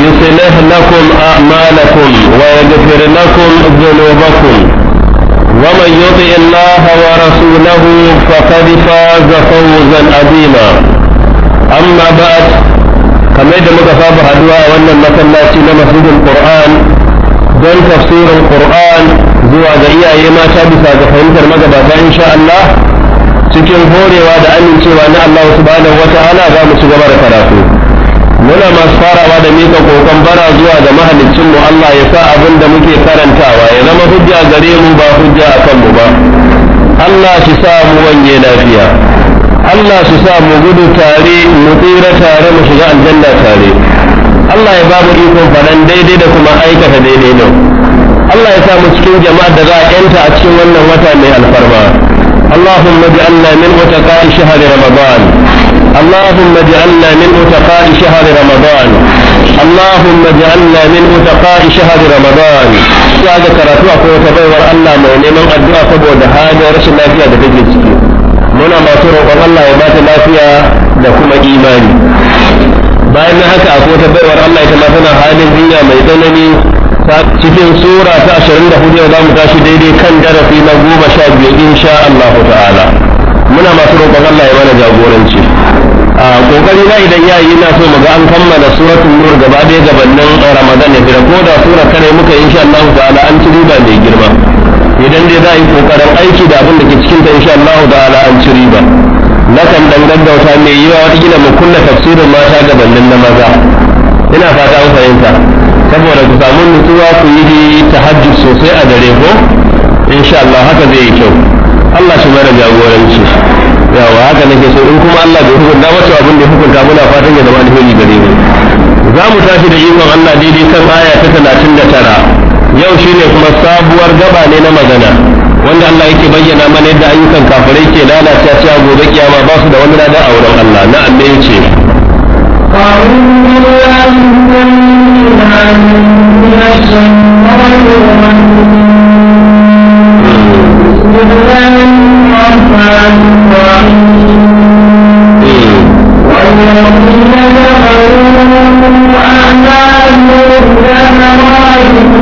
يصلح لكم أعمالكم ويغفر لكم ذنوبكم ومن يطع الله ورسوله فقد فاز فوزا عظيما أما بعد كما يدعو مكفاب حدوى وأن المسلاتي لمسجد القرآن دون تفسير القرآن zuwa ga يما mata bisa ga fahimtar magabata insha Allah cikin horewa da amincewa na Allah subhanahu سبحانه وتعالى muna masu farawa da mika kokon bara zuwa da mahallicin mu Allah ya sa abin da muke karantawa ya zama hujja gare mu ba hujja a kanmu ba Allah shi sa mu wanye lafiya Allah shi sa mu gudu tare mu tsira tare mu shiga aljanna tare Allah ya ba mu ikon faɗan daidai da kuma aikata daidai nan Allah ya sa mu cikin jama'a da za a yanta a cikin wannan wata mai alfarma اللهم min wata متقاء شهر Ramadan اللهم اجعلنا من اتقاء شهر رمضان اللهم اجعلنا من اتقاء شهر رمضان يا ذكرت وقوة تبور الله من من الدعاء قبول هذا رسول الله فيها دفجت muna masu roƙon Allah ya bata lafiya da kuma imani bayan na haka akwai wata baiwar Allah ita ma tana halin jinya mai tsanani cikin sura ta 24 yau za mu tashi daidai kan darasi na goma sha biyu insha Allah ta'ala muna masu roƙon Allah ya mana jagoranci kokari na idan ya yi na so mu ga an kammala suratul nur gaba ɗaya gabanin ramadan ya fira ko da sura kare muka insha Allah ta'ala an ci riba mai girma idan dai za a yi kokarin aiki da abin da ke cikinta insha Allah ta'ala an ci riba nakan dan gaggauta mai yiwa wata mu kunna tafsirin mata gabanin na maza ina fata an fahimta saboda ku samu nutsuwa ku yi tahajjud sosai a dare ko insha Allah haka zai yi kyau Allah shi mana jagoranci yawa haka nake so in kuma Allah bai hukunta ba to abin da hukunta muna fatan ya zama alheri gare mu za mu tashi da ikon Allah daidai kan aya ta talatin da tara yau shine kuma sabuwar gaba ne na magana wanda Allah yake bayyana mana yadda ayyukan kafirai ke lalata cewa gobe kiyama ba su da wani lada a wurin Allah na Allah yace Thank you. أعمالهم كهوائهم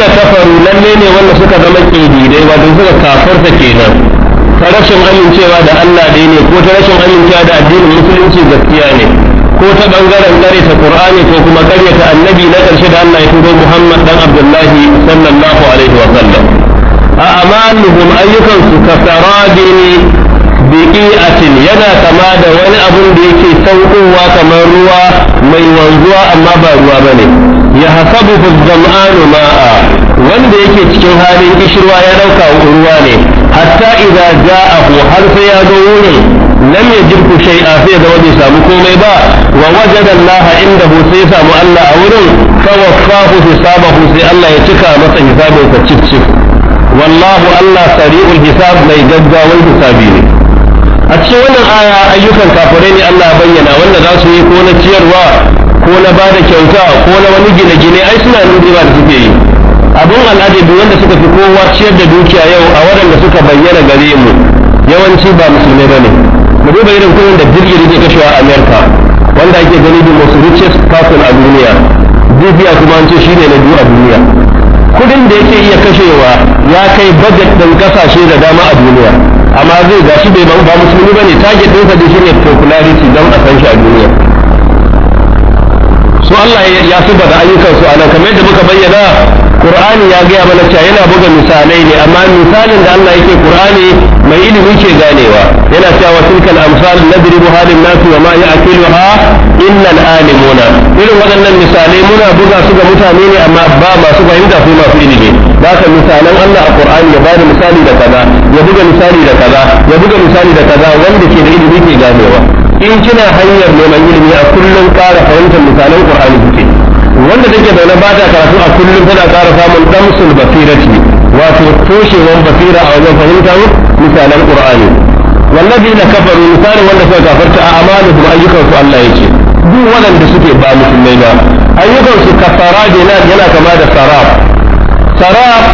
na kafaru lalle ne wanda suka zama kididai wato suka kafarta kenan ta rashin amincewa da Allah dai ne ko ta rashin amincewa da addinin musulunci gaskiya ne ko ta bangaren ta Qur'ani ko kuma karyata annabi na karshe da Allah ya turo Muhammad dan Abdullahi sallallahu alaihi wa sallam a amaluhum ayyukan su kasaradin bi'iatin yana kama da wani abun da yake saukowa kamar ruwa mai wanzuwa amma ba ruwa bane ya hasabuhu zam'anu ma'a wanda yake cikin halin kishirwa ya dauka ruwa ne hatta idza ja'ahu har sai ya zo wurin lam yajidku shay'a sai da bai samu komai ba wa wajada Allah indahu sai ya samu Allah a wurin fawaffahu hisabahu sai Allah ya cika masa hisabin sa cicif wallahu Allah sari'ul hisab mai gaggawar hisabi ne a cikin wannan aya ayyukan kafirai ne Allah bayyana wanda za su yi ko na ciyarwa ko na ba da kyauta ko na wani gine-gine ai suna nan riba da suke yi abin al'ajabi wanda suka fi kowa ciyar da dukiya yau a waɗanda suka bayyana gare mu yawanci ba musulmai ba ne mu duba irin kuɗin da jirgin ke kashewa a amerika wanda ake gani da masu richest person a duniya dubiya kuma an ce shi ne na biyu a duniya kudin da yake iya kashewa ya kai budget ɗin kasashe da dama a duniya amma zai gashi bai ba musulmi ba ne target ɗinsa da shi ne popularity don a san shi a duniya to Allah ya suba da su anan kamar yadda muka bayyana Qur'ani ya gaya mana cewa yana buga misalai ne amma misalin da Allah yake Qur'ani mai ilimi ke ganewa yana cewa tilkal amsal nadribu halin nasu wa ma ya'qiluha illa al-alimuna irin waɗannan misalai muna buga su ga mutane ne amma ba masu fahimta su masu ilimi da ka misalan Allah a Qur'ani ya bada misali da kaza ya buga misali da kaza ya buga misali da kaza wanda ke da ilimi ke ganewa in kina hanyar neman ilimi a kullum ƙara fahimtar misalan qur'ani kuke wanda take da na bata karatu a kullum tana ƙara samun damsul basirati wato toshewar basira a wajen fahimtar misalan qur'ani wallazi na kafaru misali wanda suka kafarta a amaluhum ayyukansu Allah yake duk waɗanda suke ba musulmai ba ayyukansu kasara da yana kama da sarab sarab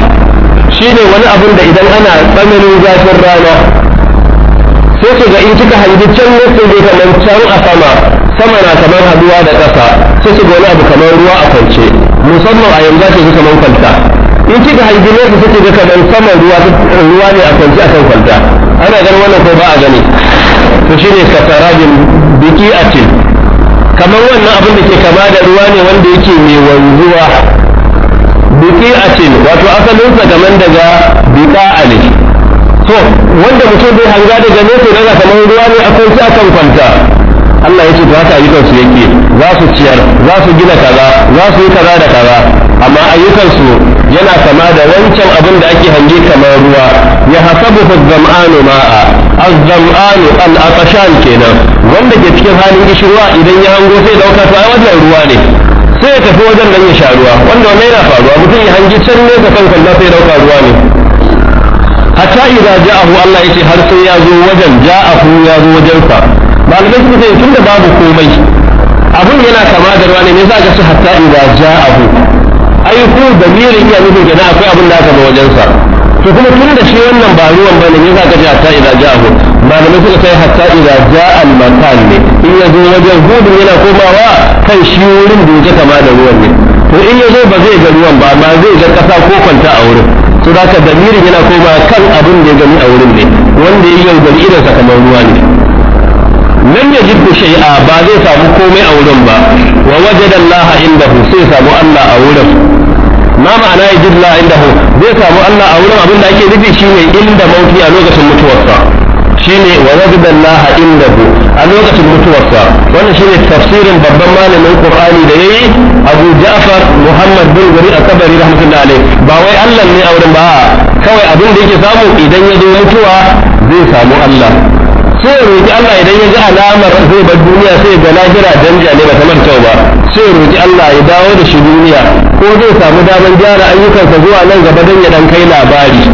shine wani abun da idan ana tsananin zafin rana yake ga in kika haɗu can nufin zai kamar can a sama sama na kamar haɗuwa da ƙasa sai su wani abu kamar ruwa a kwance musamman a yanzu ake kamar kwanta in kika haɗu ne su ga kamar sama ruwa ruwa ne a kwance akan kwanta ana gan wannan ko ba a gani to shine kasarabin biki a ce kamar wannan abin da ke kama da ruwa ne wanda yake mai wanzuwa biki a ce wato asalinsa kamar daga bika a ne to wanda mutum bai hanga daga nesa daga kamar ruwa ne a kwanci akan kwanta Allah ya ce to haka ayyukan su yake za su ciyar za su gina kaza za su yi kaza da kaza amma ayyukan su yana kama da wancan abin da ake hange kamar ruwa ya hasabu zam'anu ma'a az-zam'anu al aqshan kenan wanda ke cikin halin gishirwa idan ya hango sai dauka to ai wannan ruwa ne sai ya tafi wajen nan ya sha ruwa wanda wannan yana faruwa mutum ya hangi can nesa kan kalla sai dauka ruwa ne hatta idza ja'ahu Allah yace har sai ya zo wajen ja'ahu ya zo wajen sa malamai suka ce da babu komai abun yana kama da ruwa ne me yasa aka ce hatta idza ja'ahu ai ko da mirin ya nufin kenan akwai abun da aka zo wajen sa to kuma tun da shi wannan ba ruwan bane me yasa aka ce hatta idza ja'ahu malamai suka ce hatta idza ja'a al-makan ne in ya zo wajen hudun yana komawa kan shi wurin da yake kama da ruwan ne to in ya zo ba zai ga ruwan ba amma zai ga kasa ko kwanta a wurin to da ka damirin yana koma kan abin da ya gani a wurin ne wanda ya yaudari irin kamar ruwa ne lam yajidu shay'a ba zai samu komai a wurin ba wa wajada Allah indahu sai samu Allah a wurin ma ma'ana yajidu Allah indahu zai samu Allah a wurin abin da ake nufi shine inda mauti a lokacin mutuwarsa shine wa wajada Allah indahu a lokacin mutuwarsa wannan shine tafsirin babban malamin qur'ani da yayi abu ja'far muhammad bin guri a kabari rahmatullahi alaihi ba wai allah ne a wurin ba kawai abin da yake samu idan ya zo mutuwa zai samu allah sai ya roki allah idan ya ji alamar zai bar duniya sai ga lahira danja ne ba ta kyau ba sai ya roki allah ya dawo da shi duniya ko zai samu damar gyara ayyukansa zuwa nan gaba don ya dan kai labari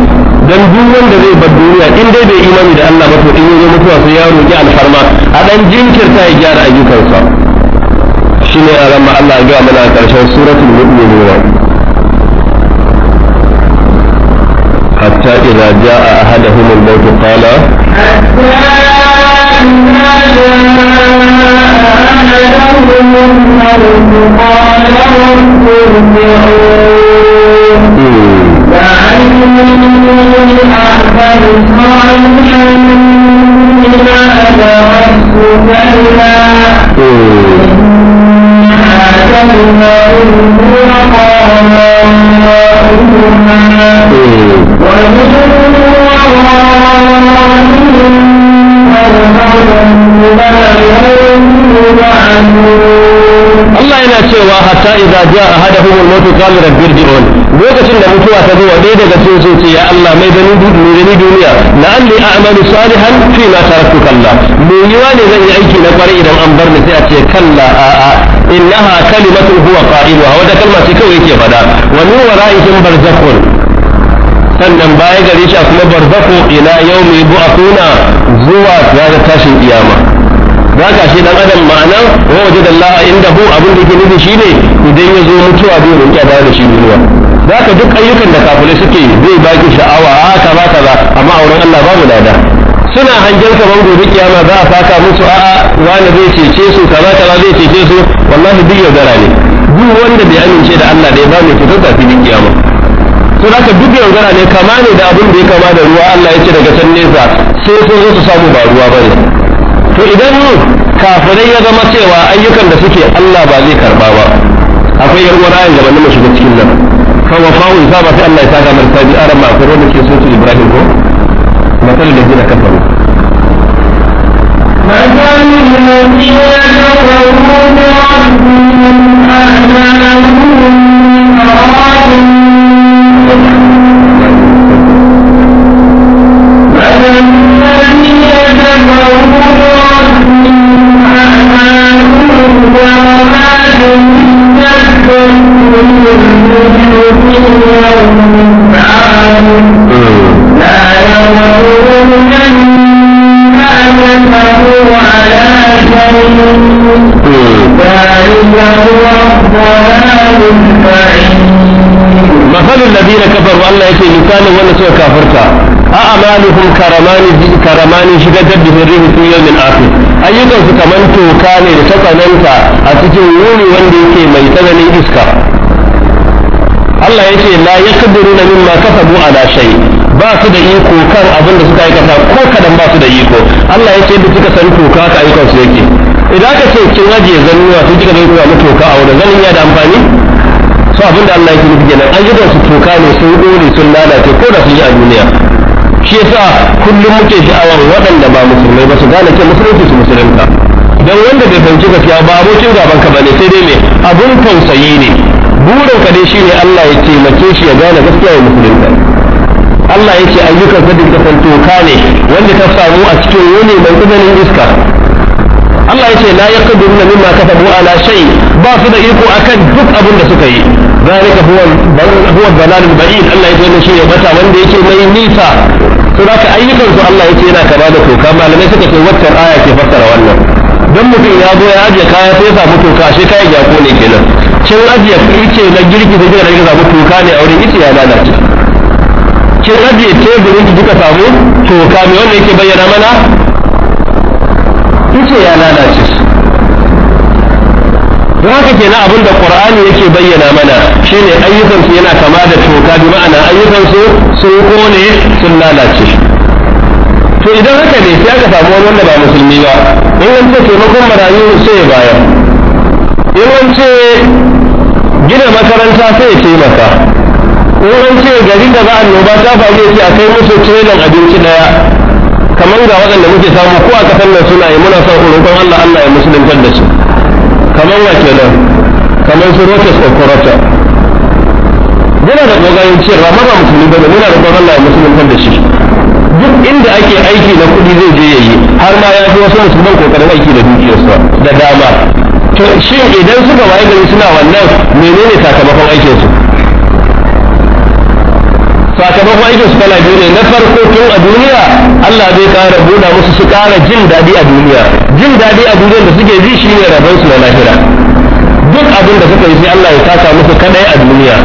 dan duk wanda zai bar duniya in dai bai imani da Allah ba to in ya mutuwa sai ya roki alfarma a dan jinkirta ya gyara ayyukansa shine a ran Allah ga mana karshen suratul mu'minun hatta idza jaa ahaduhum al-maut qala قال hmm. لعلي أعمل صالحا بما أدركت كلا إنها تذكر Allah yana cewa hatta idza jaa ahaduhum al-maut qala rabbi irji'un lokacin da mutuwa ta zo wa ɗaya daga cikin sun ce ya Allah mai da ni duniya la'alli a'malu salihan fi ma taraktu kalla me yiwa ne zan yi aiki na kwarai idan an bar ni sai a ce kalla a'a innaha kalimatun huwa qa'iluha wata kalma ce kawai yake faɗa wa min wara'ihim barzakhun sannan baya gare shi a kuma barzakhu ila yawmi bu'athuna zuwa ga tashin kiyama za ka shi dan adam ma'ana wa wajadallaha bu abin da yake nufi shine idan ya zo mutuwa bai rinka da shi duniya za ka duk ayyukan da kafule suke zai baki sha'awa ah, a kaza kaza amma auren Allah babu dada suna hangen kaman gobe kiyama za a saka musu a wani zai cece su kaza kaza zai cece su wallahi duk gara ne duk wanda bai amince da Allah da ya ba mai cutar tafi din kiyama to ka duk gara ne kama ne da abin da ya kama da ruwa Allah ya ce daga can nesa sai sun zo su samu ba ruwa ba ne. to idan kafirai ya zama cewa ayyukan da suke Allah ba zai karba ba akwai yar wani da ba mu shiga cikin nan kan wafawu isaba sai Allah ya saka martabi aran ma akwai wanda ke so su Ibrahim ko matal da gina kafaru مثل الذين كفروا بربهم أنهم أرادوا مثل الذين كفروا الله يسي مثال وانا سوى كافرتا أعمالهم كرماني كرماني شكت بذره في يوم آخر ayyukansu kamar toka ne da ta tsananta a cikin wuri wanda yake mai Allah ya yake la na mimma kasabu ala shay ba su da iko kan abin da suka aikata ko kadan ba su da iko Allah yake duk suka san toka ka aikon su yake idan ka ce kin ajiye zannuwa sai kika dinga mu toka a wurin zanin ya da amfani so abin da Allah yake nufi kenan ayyukan su toka ne sun dole sun lalace ko da su yi a duniya shi yasa kullum muke sha'awar waɗanda ba musulmai ba su gane ke musulunci su musulunta dan wanda bai fahimci gaskiya ba abokin gaban ka bane sai dai me abun tausayi ne burin ka dai shine Allah ya taimake shi ya gane gaskiya ya musulunta Allah ya ce ayyukan sa duk toka ne wanda ka samu a cikin wani mai tsananin iska Allah ya ce la yaqdiruna mimma kasabu ala shay ba su da iko akan duk abin da suka yi zalika huwa huwa dalalul ba'id Allah ya ce shi ya bata wanda yake mai nisa to haka ayyukan su Allah ya ce yana kama da toka malamai suka ce waccan aya ke fassara wannan dan mutum ya zo ya aje kaya sai ya samu toka shi kayan ya kone kenan kin ajiye ice na girki da kika samu toka ne a wurin ice ya lalace kin ajiye teburin ki kika samu toka me wanda yake bayyana mana ice ya lalace don haka kenan abin da qur'ani yake bayyana mana shine ayyukansu yana kama da toka bi ma'ana ayyukansu su sun kone sun lalace to idan haka ne sai aka samu wani wanda ba musulmi ba in an ce taimakon marayu sai ya bayar in an gina makaranta sai ya taimaka Wurin ce garin da za annoba ta faru ya ce a kai musu tirelan abinci daya kamar ga waɗanda muke samu ko a kasan nan suna yi muna son roƙon Allah Allah ya musuluntar da su kamar wa kenan kamar su rotes da corrupta muna da ƙoƙarin ce ba mara musulmi ba muna roƙon Allah ya musuluntar da shi duk inda ake aiki na kuɗi zai je yayi har ma ya fi wasu musulman ƙoƙarin aiki da dukiyarsa da dama shin idan suka waye gari suna wannan menene sakamakon aikin su sakamakon aikin su kala biyu ne na farko tun a duniya Allah zai kara buɗa musu su kara jin daɗi a duniya jin daɗi a duniya da suke ji shine rabon su na lahira duk abin da suka yi sai Allah ya taka musu kadai a duniya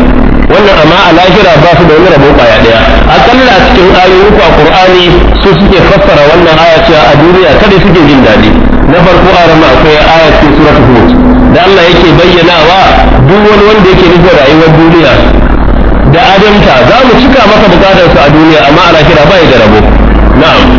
wannan amma a lahira ba su da wani rabo kwaya daya akalla cikin ayoyin ku a Qur'ani su suke fassara wannan aya cewa a duniya kada suke jin daɗi na farko a rama akwai aya cikin ta hud da Allah yake bayyanawa duk wani wanda yake nufin rayuwar duniya da adamta za mu cika maka bukatar su a duniya amma a kira bai da rabo na'am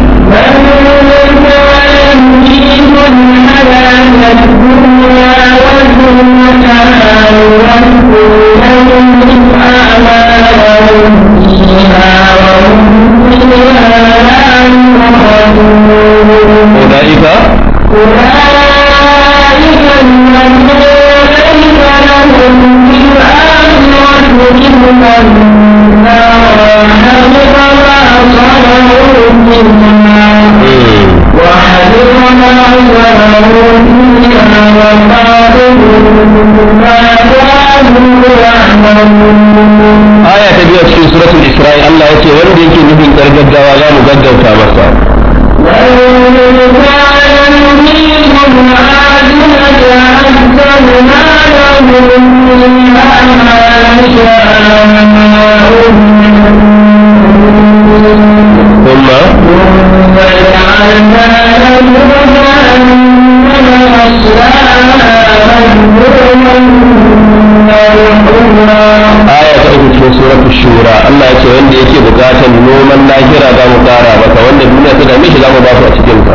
أولئك أولئك الذين لهم في الآخرة إلا النار وحبط ما صنعوا منها وحبط ما صنعوا فيها وباطل ما كانوا يعملون aya ta biyu cikin suratul isra'i Allah ya ce wanda yake nufin gargaggawa za mu lahira za mu kara maka wanda duniya ta dame shi za mu ba su a cikin ka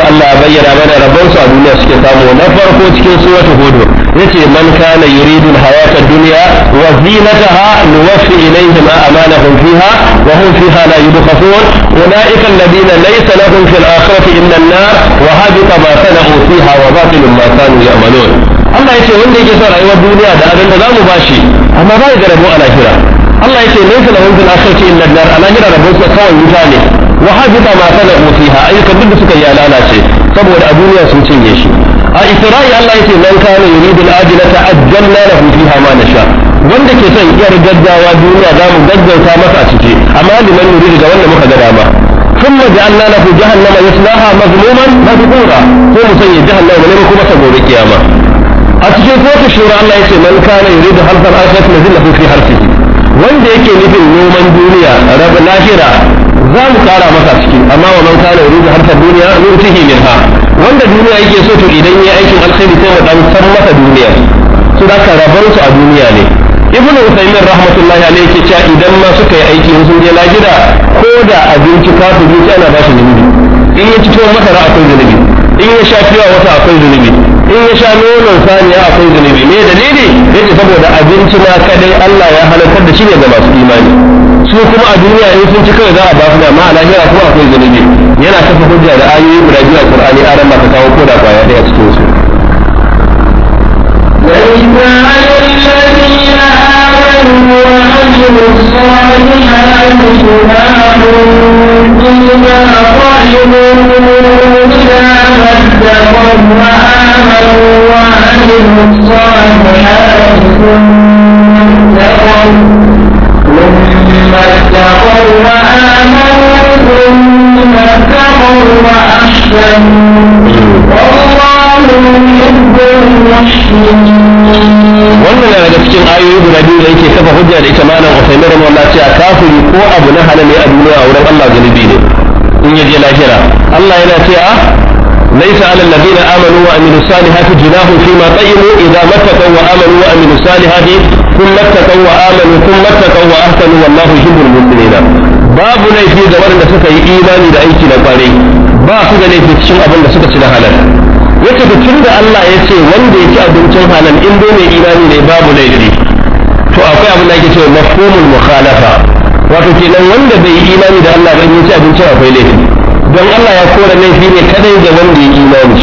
uku Allah ya bayyana mana rabonsu a duniya suke samu na farko cikin suratul hudu yace man kana yuridu al-hayata ad-dunya wa zinataha nuwaffi ilayhim a'malahum fiha wa hum fiha la yubkhasun ulaika alladhina laysa lahum fil akhirati illa an-nar wa habita ma sana'u fiha wa batilun ma kanu ya'malun Allah yace wanda yake son rayuwar duniya da abin da zamu bashi amma bai da rabo a lahira Allah yace laysa lahum fil akhirati illa an-nar a lahira rabo kawai wuta ne wa hajita ma sana'u fiha ayyukan duk da suka yi lalace saboda a duniya sun cinye shi a isra'i Allah yake man kana yuridu al-ajilata ajjalna lahu fiha ma nasha wanda ke son iyar gaggawa duniya za mu gaggauta masa a ciki amma liman yuridu ga wanda muka ga dama ثم جعلنا له جهنم يصلاها مذموما مدحورا هو مسيء جهنم ولم يكن مسبوب القيامه a cikin kotu shura Allah ya ce man kana yuridu harfan akhirati nazilla fi harfihi wanda yake nufin noman duniya rabu lahira za mu kara masa ciki amma wa man kana yuridu harfa duniya nutihi ha, wanda duniya yake so to idan ya aikin alkhairi sai wa dan san masa duniya su da ka rabar su a duniya ne ibn usaymin rahmatullahi alayhi ke cewa idan ma suka yi aiki sun je gida ko da abinci kafiri sai ana bashi shi zunubi in ya ci tuwon masara akwai zunubi in ya sha wata akwai zunubi in ya sha nonon saniya akwai zunubi me dalili yace saboda abinci na kadai Allah ya halartar da shi ne ga masu imani su kuma a duniya in sun ci kawai za a ba su dama a lahira kuma akwai zunubi yana kafa hujja da ayoyi guda biyu a qur'ani aran ma ka kawo ko da kwaya daya cikin su وعملوا الصالحات ثم تقوا واتقوا وآمنوا ثم اتقوا وأحسنوا wannan yana daga cikin ayoyi guda biyu da yake kafa hujja da ita malam Usaimin rahimahullah cewa kafiri ko abu na halal ne a duniya a wurin Allah zalibi ne in yaje lahira Allah yana cewa ليس على الذين آمنوا وعملوا الصالحات جناح فيما طيبوا إذا ما اتقوا وآمنوا وعملوا الصالحات ثم اتقوا وآمنوا ثم اتقوا وأحسنوا والله يحب المؤمنين babu laifi ga waɗanda suka yi imani da aiki na kwarai ba su da laifi cikin abin da suka ci na halal yace da da Allah ya ce wanda ya ci abincin halal in dai mai imani ne babu laifi to akwai abin da ake cewa mafhumul mukhalafa wato kenan wanda bai yi imani da Allah ba in ya ci abincin akwai laifi don Allah ya kora laifi ne kadai ga wanda ya imani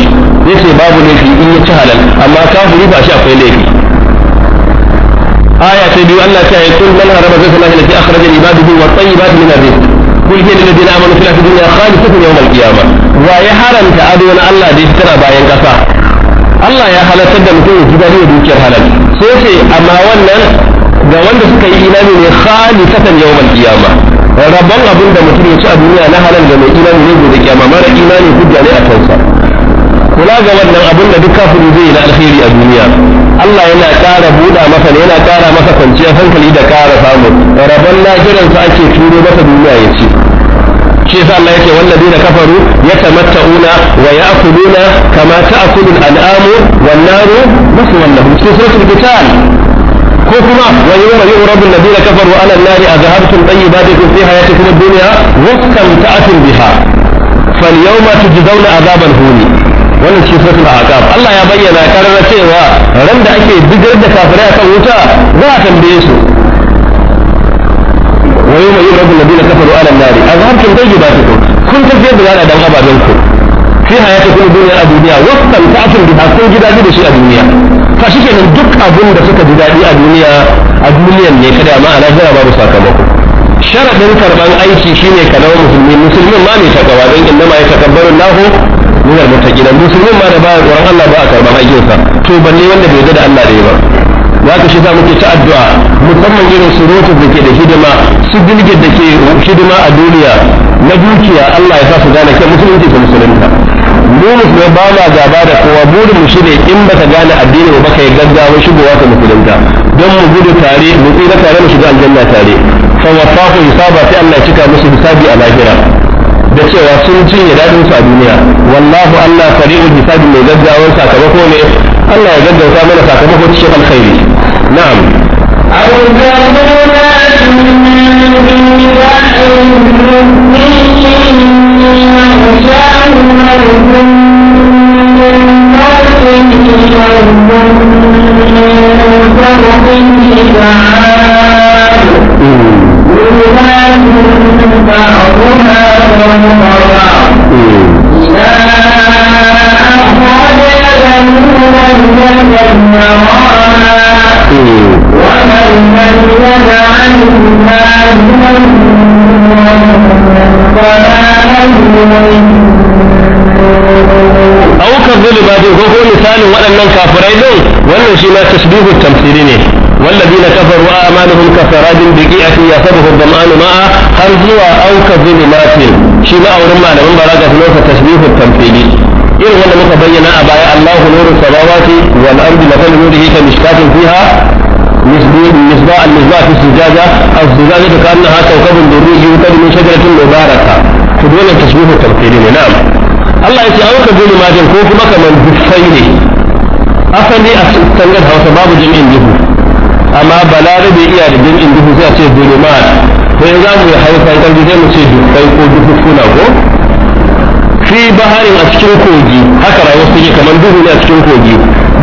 yace babu laifi in ya ci halal amma kafiri ba shi akwai laifi aya ta biyu Allah ta yi kul man harama zai sallahi lati akhraja ibadihi wa tayyibat min arzik kul hiya lil ladina amanu fil hayati dunya khalisatun yawm al qiyamah wa ya haramta ado na Allah da tana bayan kasa Allah ya halartar da mutum ya ji dadi da dukiyar halal sai ce amma wannan ga wanda suka yi imani ne khalisatan yawm al qiyamah rabban abin da mutum ya ci a duniya na halal da mai imani ne gobe kiyama mara imani hujja a kansa kula ga wannan abin da duk kafiri zai yi na alheri a duniya Allah yana ƙara buɗa masa ne yana ƙara masa kwanciyar hankali da ƙara samu rabon lahiransa ake turo masa duniya ya ce shi yasa Allah yake wallazi da kafaru yatamatta'una wa ya'kuluna kama ta'kulu al'amu wan naru maswan lahum fi suratul qital ko kuma wa yawma yu'radu alladhina kafaru 'ala an-nari adhabtum tayyibatikum fi hayatikum ad-dunya wa istamta'tum biha فاليوم تجزون عذاب الهون wannan shi suratul ahqaf Allah ya bayyana karara cewa ran da ake bigar da kafirai kan wuta za a tambaye su wa yawma yuradu alladhina kafaru ala an-nari azhabtum tayyibatikum kun tafiyar da zana dan ababen ku fi hayatikum dunya a duniya wasan ta'tum bi hakun gidaje da shi a duniya fa shi kenan duk abin da suka ji dadi a duniya a duniyan ne kada ma a lahira babu sakamako sharadin karban aiki shine kana musulmi musulmin ma ne takawa dan inna ma yatakabbaru minal muttaqina musulmin ma da baya tsoron Allah ba a karban aikinsa to balle wanda bai da Allah da ba za ka shi za muke ta addu'a musamman irin surutu da ke da hidima su dilgin da ke hidima a duniya na dukiya Allah ya sa su gane kai musulunci ka musulunta mu musulmai ba ma gaba da kowa burin mu shirya in baka gane addini ba ka yi gaggawa shigowa ka musulunta don mu gudu tare mu tsira tare mu shiga aljanna tare fa wafahu hisaba sai Allah ya cika musu hisabi a lahira da cewa sun cinye dadin su a duniya wallahu Allah sari'ul hisabi mai gaggawar sakamako ne Allah ya gaggauta mana sakamako cikin alkhairi na'am أو كظلمات من فوقه موج aukar zuluba dai ko ko misalin waɗannan kafirai din wannan shi ma tasbihu tamsiri ne والذين كفروا أعمالهم كفراد بقيعة يصبه الظمآن ماء هل أو كظلمات شيء ما أورما لمن بلاغة نوفة تشبيه التمثيلي إن هو لم تبين أبايا الله نور السماوات والأرض مثل نوره كمشكاة فيها المصباح المصباح في السجادة السجادة كأنها كوكب دري يوقد من شجرة مباركة فدول التشبيه التمثيلي نعم الله يتي أو ما جل بك من بفيني أفني أستنجد هو سباب جمع له أما بلاغ بإيا جمع له سيأتي الظلمات فإذا هو يحيط أن تنجد مسيح فيقو دفونا هو fi baharin a cikin kogi haka rayuwar suke kamar duhu ne a cikin kogi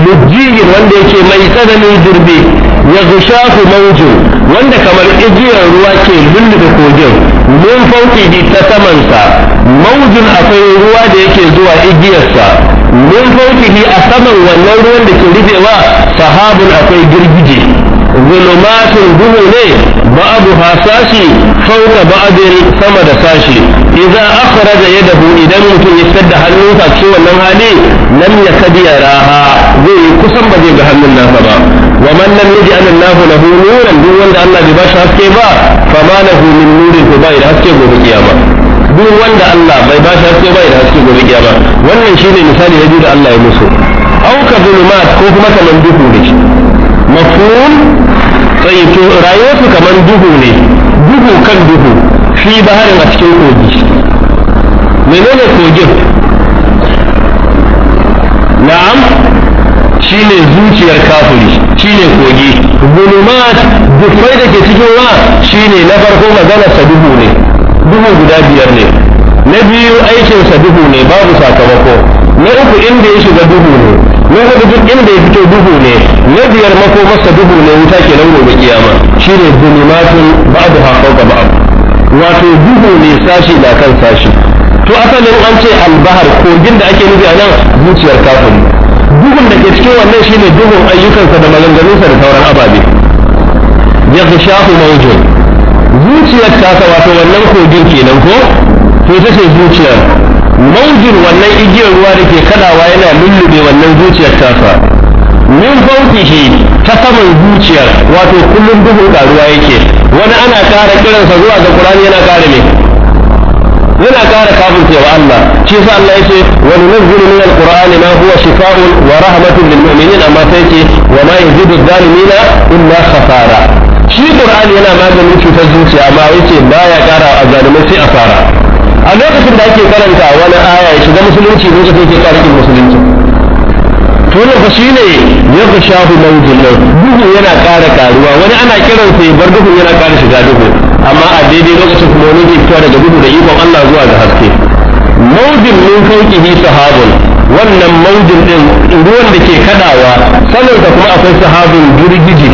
mujjigin wanda yake mai tsananin jirbi ya ku maujin wanda kamar igiyar ruwa ke da kogin mun fauki ta samansa mawujin akwai ruwa da yake zuwa igiyarsa mun fauki a saman wannan ruwan da ke rufewa sahabun akwai girgije zulumatun duhu ne ba'abu hasashi fauka ba'adin sama da sashi idza akhraja yadahu idan mutum ya da hannunsa cikin wannan hali lam yakadi raha. zai kusan ba zai ga hannun nasa ba wa man lam yaj'al Allah lahu nuran duk wanda Allah bai bashi haske ba fa ma lahu min nurin to bai da haske gobe kiyama duk wanda Allah bai bashi haske bai da haske gobe kiyama wannan shine misali na biyu da Allah ya musu au ka zulumat ko kuma kaman duhu ne mafhum sai to rayuwarsu kaman duhu ne duhu kan duhu fi baharin a cikin kogi menene kogin na'am shine zuciyar shi shine kogi zulumat dufai da ke cikin shi ne na farko magana sa duhu ne duhu guda biyar ne na biyu aikin sa duhu ne babu sakamako na uku inda ya shiga duhu ne na hudu duk inda ya fito duhu ne na biyar makomarsa duhu ne wuta kenan gobe kiyama ne zulumatun ba'du ha fawqa wato duhu ne sashi da kan sashi to asalin an ce albahar kogin da ake nufi a nan zuciyar kafuri duhun da ke cikin wannan shine duhun ayyukansa da maganganunsa da sauran ababe ya fi shahu mawujin zuciyar tasa wato wannan kogin kenan ko to ita ce zuciyar maujin wannan igiyar ruwa da ke kadawa yana lullube wannan zuciyar tasa min shi ta saman zuciyar wato kullum duhun karuwa yake wani ana kara kiransa zuwa ga kurani yana kara ne yana ƙara kafirce wa Allah shi yasa Allah yace wa nunzilu min alqur'ani ma huwa shifaa'un wa rahmatun lil mu'minin amma sai yace wa ma yazidu zalimina illa khasara shi qur'ani yana maganin cutar zuciya amma yace baya kara a zalimai sai asara a lokacin da ake karanta wani aya ya shiga musulunci lokacin yake ƙarfin musulunci to ne fa ne ya fi shahu mawjin duhu yana ƙara karuwa wani ana kiransa ya bar duhu yana ƙara shiga duhu amma a daidai lokacin kuma wani zai fito daga duhu da ikon Allah zuwa ga haske maujin min fawqihi sahabun wannan maujin din ruwan da ke kadawa sanin kuma akwai sahabun girgije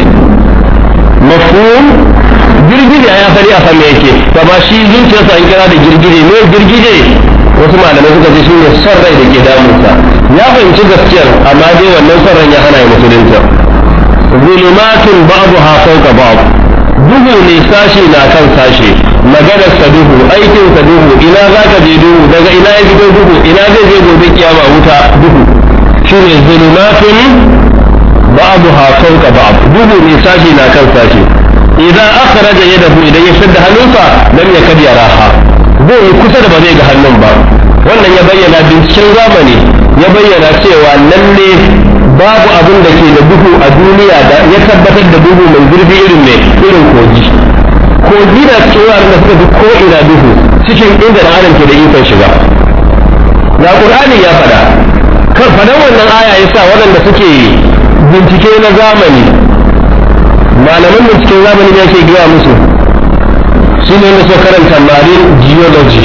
mafhum jirgiji ya fari a sama yake ta ba shi zuciyarsa an kira da jirgiji ne girgije wasu malamai suka ce shine son rai da ke damunsa ya fahimci gaskiyar amma dai wannan son ran ya hana ya musulunta zulumatun ba'daha fawqa ba'd duhu ne sashi na kan sashi maganar sa duhu aikin sa duhu ina za ka je duhu daga ina ya fito duhu ina zai je gobe kiyama wuta duhu shi ne zulumatun hakan ka ba duhu ne sashi na kan sashi idan ya yadahu idan ya shadda hannunsa lam yakad raha zai yi kusa da ba zai ga hannun ba wannan ya bayyana binciken zamani ya bayyana cewa lalle babu abin da ke da duhu a duniya da ya tabbatar da duhu mai zurfi irin ne irin kogi kogi na tsoron da suka fi ko ina duhu cikin inda da adam ke da ikon shiga ga qur'ani ya fada kan fadan wannan aya ya sa waɗanda suke bincike na zamani malaman binciken zamani ne ke gaya musu su ne na karanta marine geology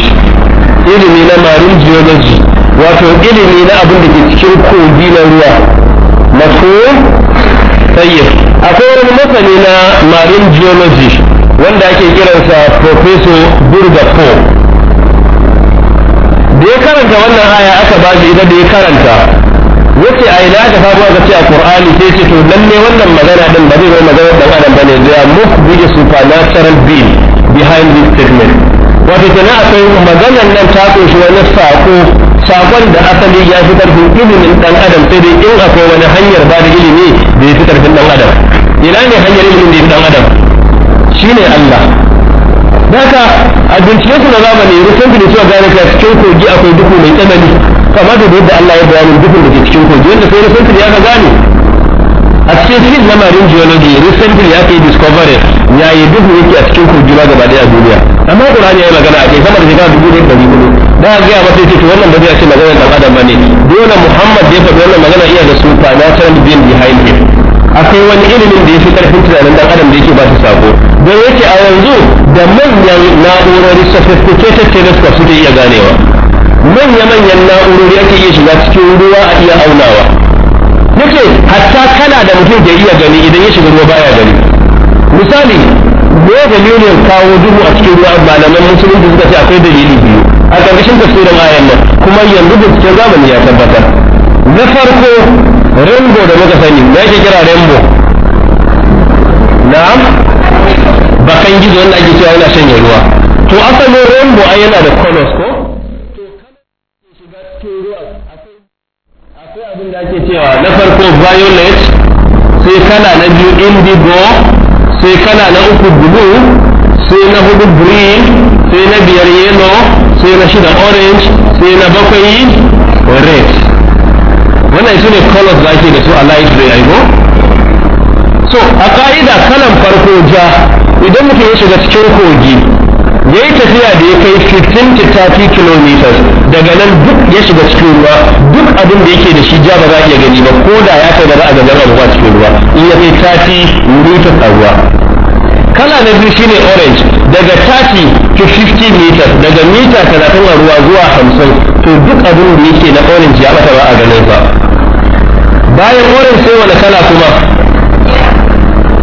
ilimi na marine geology wato ilimi na abin da ke cikin kogi na ruwa mafhum tayyib akwai wani masani na marine geology wanda ake kiransa professor burga po da ya karanta wannan aya aka ba shi ita da ya karanta yace a ina aka samu aka ce a qur'ani sai ce to lalle wannan magana din ba zai zama magana dan adam bane da mukbi supernatural being behind this statement wato kenan akwai maganar nan ta kunshi wani sako sakon da asali ya fi karfin ilimin dan adam sai dai in akwai wani hanyar ba da ilimi da ya fi karfin dan adam ina ne hanyar ilimin da ya fi dan adam Shi ne Allah haka a bincike su na zamani rufin da cewa gane ka cikin kogi akwai duhu mai tsanani kamar da yadda Allah ya bayani duhun da ke cikin kogi wanda sai rufin ya ka gane a cikin fil lamarin geology recently ya kai discovery ya yi duhu yake a cikin kujula gaba daya a duniya amma qur'ani ya yi magana a kai sama da shekara dubu ɗaya ɗari hudu da ya gaya masa yake wannan ba zai ce magana da dan ba bane dole muhammad da ya faɗi wannan magana iya da su da being behind him akwai wani ilimin da ya fi karfin tunanin dan adam da yake ba su sako da yake a yanzu da manyan na'urori sophisticated telescope suke iya ganewa manya-manyan na'urori ake iya shiga cikin ruwa a iya aunawa yake hatta kana da mutum da iya gani idan ya shiga ruwa baya gani misali ne dalilin kawo dubu a cikin ruwa malaman da suka ce akwai dalili biyu a ƙarƙashin tafsirin ayan nan kuma yanzu da cikin zamani ya tabbatar na farko rainbow da muka sani me yake kira rainbow na'am bakan gizo wanda ake cewa yana shanye ruwa to asalin rainbow ai yana da colors ko violet sai kala na biyu indigo sai kala na uku blue sai na hudu green sai na biyar yellow sai na shida orange sai na bakwai red wannan su ne colors da ake da su a light ray aigo so a ka'ida kalan farko ja idan mutum ya shiga cikin kogi ya yi tafiya da ya kai 15 to 30 kilometers daga nan duk ya shiga cikin ruwa duk abin da yake da shi ja ba za a iya gani ba ko da ya kai da za a gagar ruwa cikin ruwa in ya kai 30 meters a ruwa kala na biyu shine orange daga 30 to 50 meters daga mita 30 a ruwa zuwa 50 to duk abin da yake na orange ya bata ba a ganin ba. bayan orange sai wani kala kuma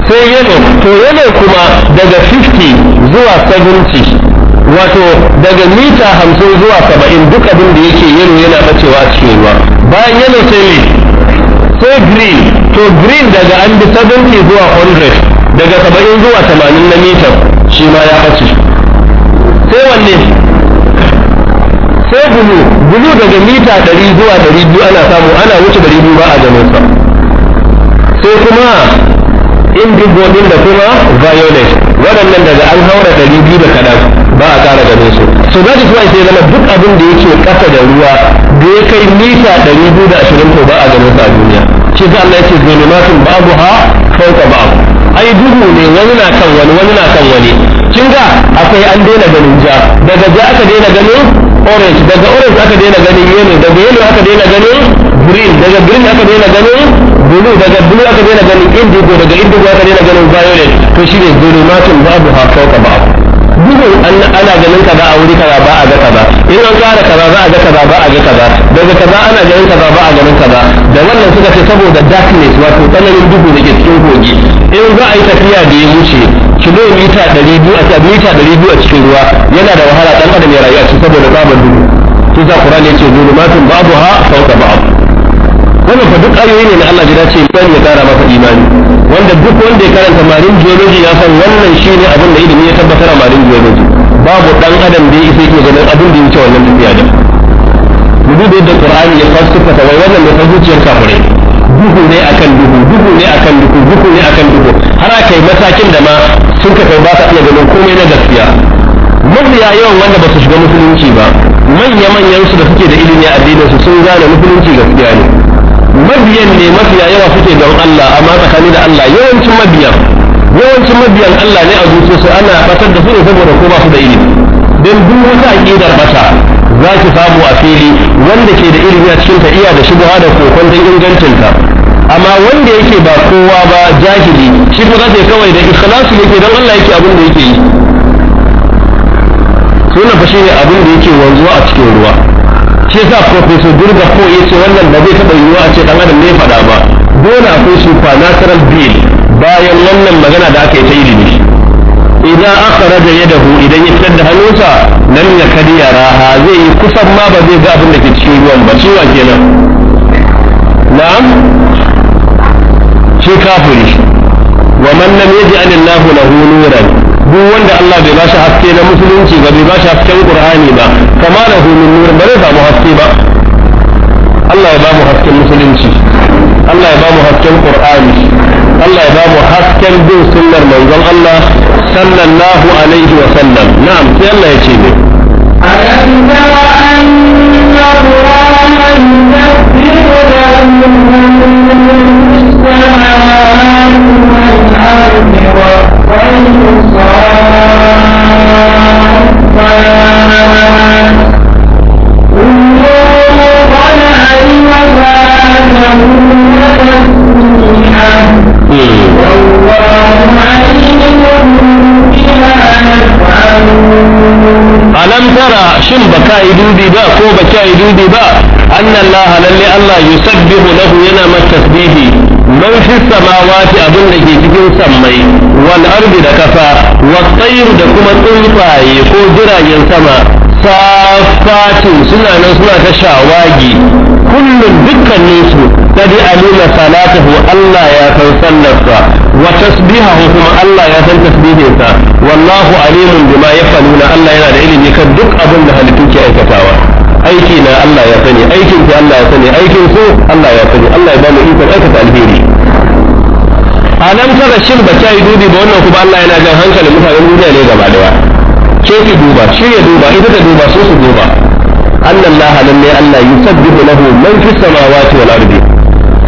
ko yemen to yemen kuma daga 50 zuwa 70 wato daga mita hamsin zuwa saba'in duk abin da yake yelo yana bacewa a cikin ruwa bayan yelo sai ne sai green to green daga an bi 70 zuwa 100 daga saba'in zuwa 80 na mita shi ma ya bace sai wanne sai bulu bulu daga mita 100 zuwa 200 ana samu ana wuce 200 ba a ganin sa sai kuma in dubbobin da kuma violet waɗannan daga an haura ɗari biyu da kaɗan ba a ƙara ganin su so that is why sai zama duk abin da yake ƙasa da ruwa da ya kai nisa ɗari biyu da ashirin ko ba a ganin sa a duniya shi sa Allah ya ce zulumatun babu ha fauka ba? ai duhu ne wani na kan wani wani na kan wani kin ga akwai an daina ganin ja daga ja aka daina ganin orange daga orange aka daina ganin yellow daga yellow aka daina ganin green daga green aka daina ganin bulu daga bulu aka daina ganin indigo daga indigo aka daina ganin violet to shi ne zulumatun babu ha fauka ba duhun ana ganin kaza a wuri kaza ba a ga kaza in an kara kaza za a ga kaza ba a ga kaza daga kaza ana ganin kaza ba a ganin kaza da wannan suka ce saboda darkness wato tsananin duhu da ke cikin kogi in za a yi tafiya da ya wuce kilomita ɗari biyu a mita ɗari biyu a cikin ruwa yana da wahala ɗan adam ya rayu a cikin saboda babu duhu shi sa Qur'ani yake zulumatun babu ha fauka ba'a. wannan fa duk ayoyi ne na Allah ji dace imani ya kara maka imani wanda duk wanda ya karanta marin geology ya san wannan shine abin da ilimi ya tabbatar a marin geology babu dan adam da yake yake ganin abin da yake wannan tafiya da mu duba yadda Qur'ani ya falsafa ta wai wannan ne ta zuciyar kafire duhu ne akan duhu duhu ne akan duhu duhu ne akan duhu har aka yi matakin da ma sun ka kai ba ta iya ganin komai na gaskiya mafiya yawan wanda ba su shiga musulunci ba manya manyan su da suke da ilimi a addinin su sun gane musulunci gaskiya ne mabiyan ne mafiya yawa suke don Allah amma tsakani da Allah yawancin mabiyan yawancin mabiyan Allah ne a su ana fatar da su ne saboda ko ba su da ilimi don duk wata aqidar bata za ki samu a fili wanda ke da ilimi a cikin ta iya da shubha da kokon don ingancinta amma wanda yake ba kowa ba jahili shi ko zai kawai da ikhlasi yake don Allah yake abin da yake yi sunan fa ne abin da yake wanzuwa a cikin ruwa shi yasa professor durga ko ce wannan da zai taba yiwuwa a ce dan adam ne faɗa ba dole akwai supernatural being bayan wannan magana da aka yi ta ilimi idan ya dahu idan ya fitar da hannunsa lam ya raha zai yi kusan ma ba zai ga abin da ke cikin ruwan ba ciwon kenan na'am shi kafiri wa man lam yaj'al Allahu lahu nuran duk wanda Allah bai bashi haske na musulunci ba bai bashi hasken Qur'ani ba kama da hulun nur ba zai samu haske ba Allah ya ba mu hasken musulunci Allah ya ba mu hasken Qur'ani Allah ya ba mu hasken bin sunnar manzon Allah sallallahu alaihi wa sallam na'am sai Allah ya ce ne ألم تر أن الله يدبر له السماوات ألم ترى شن بكاء دودي با كو بكاء دودي با أن الله للي الله يسبح له ينام التسبيح man fi samawati abin da ke cikin sammai wal ardi da kasa wa tsayir da kuma tsuntsaye ko jiragen sama safatin suna nan suna ta shawagi kullum dukkanin su kadi alima salatahu Allah ya san sallarsa wa tasbihahu kuma Allah ya san tasbihinsa wallahu alimun bima yafaluna Allah yana da ilimi kan duk abin da halittu ke aikatawa aiki na Allah ya sani aikin Allah ya sani aikin ku Allah ya sani Allah ya ba mu ikon aikata alheri nan tara shin ba ta yi dubi ba wannan kuma Allah yana jan hankalin mutanen duniya ne gaba daya ke ki duba shi ya duba ita da duba su su duba annan la halin ne Allah yusabbihu lahu man fis samawati wal ardi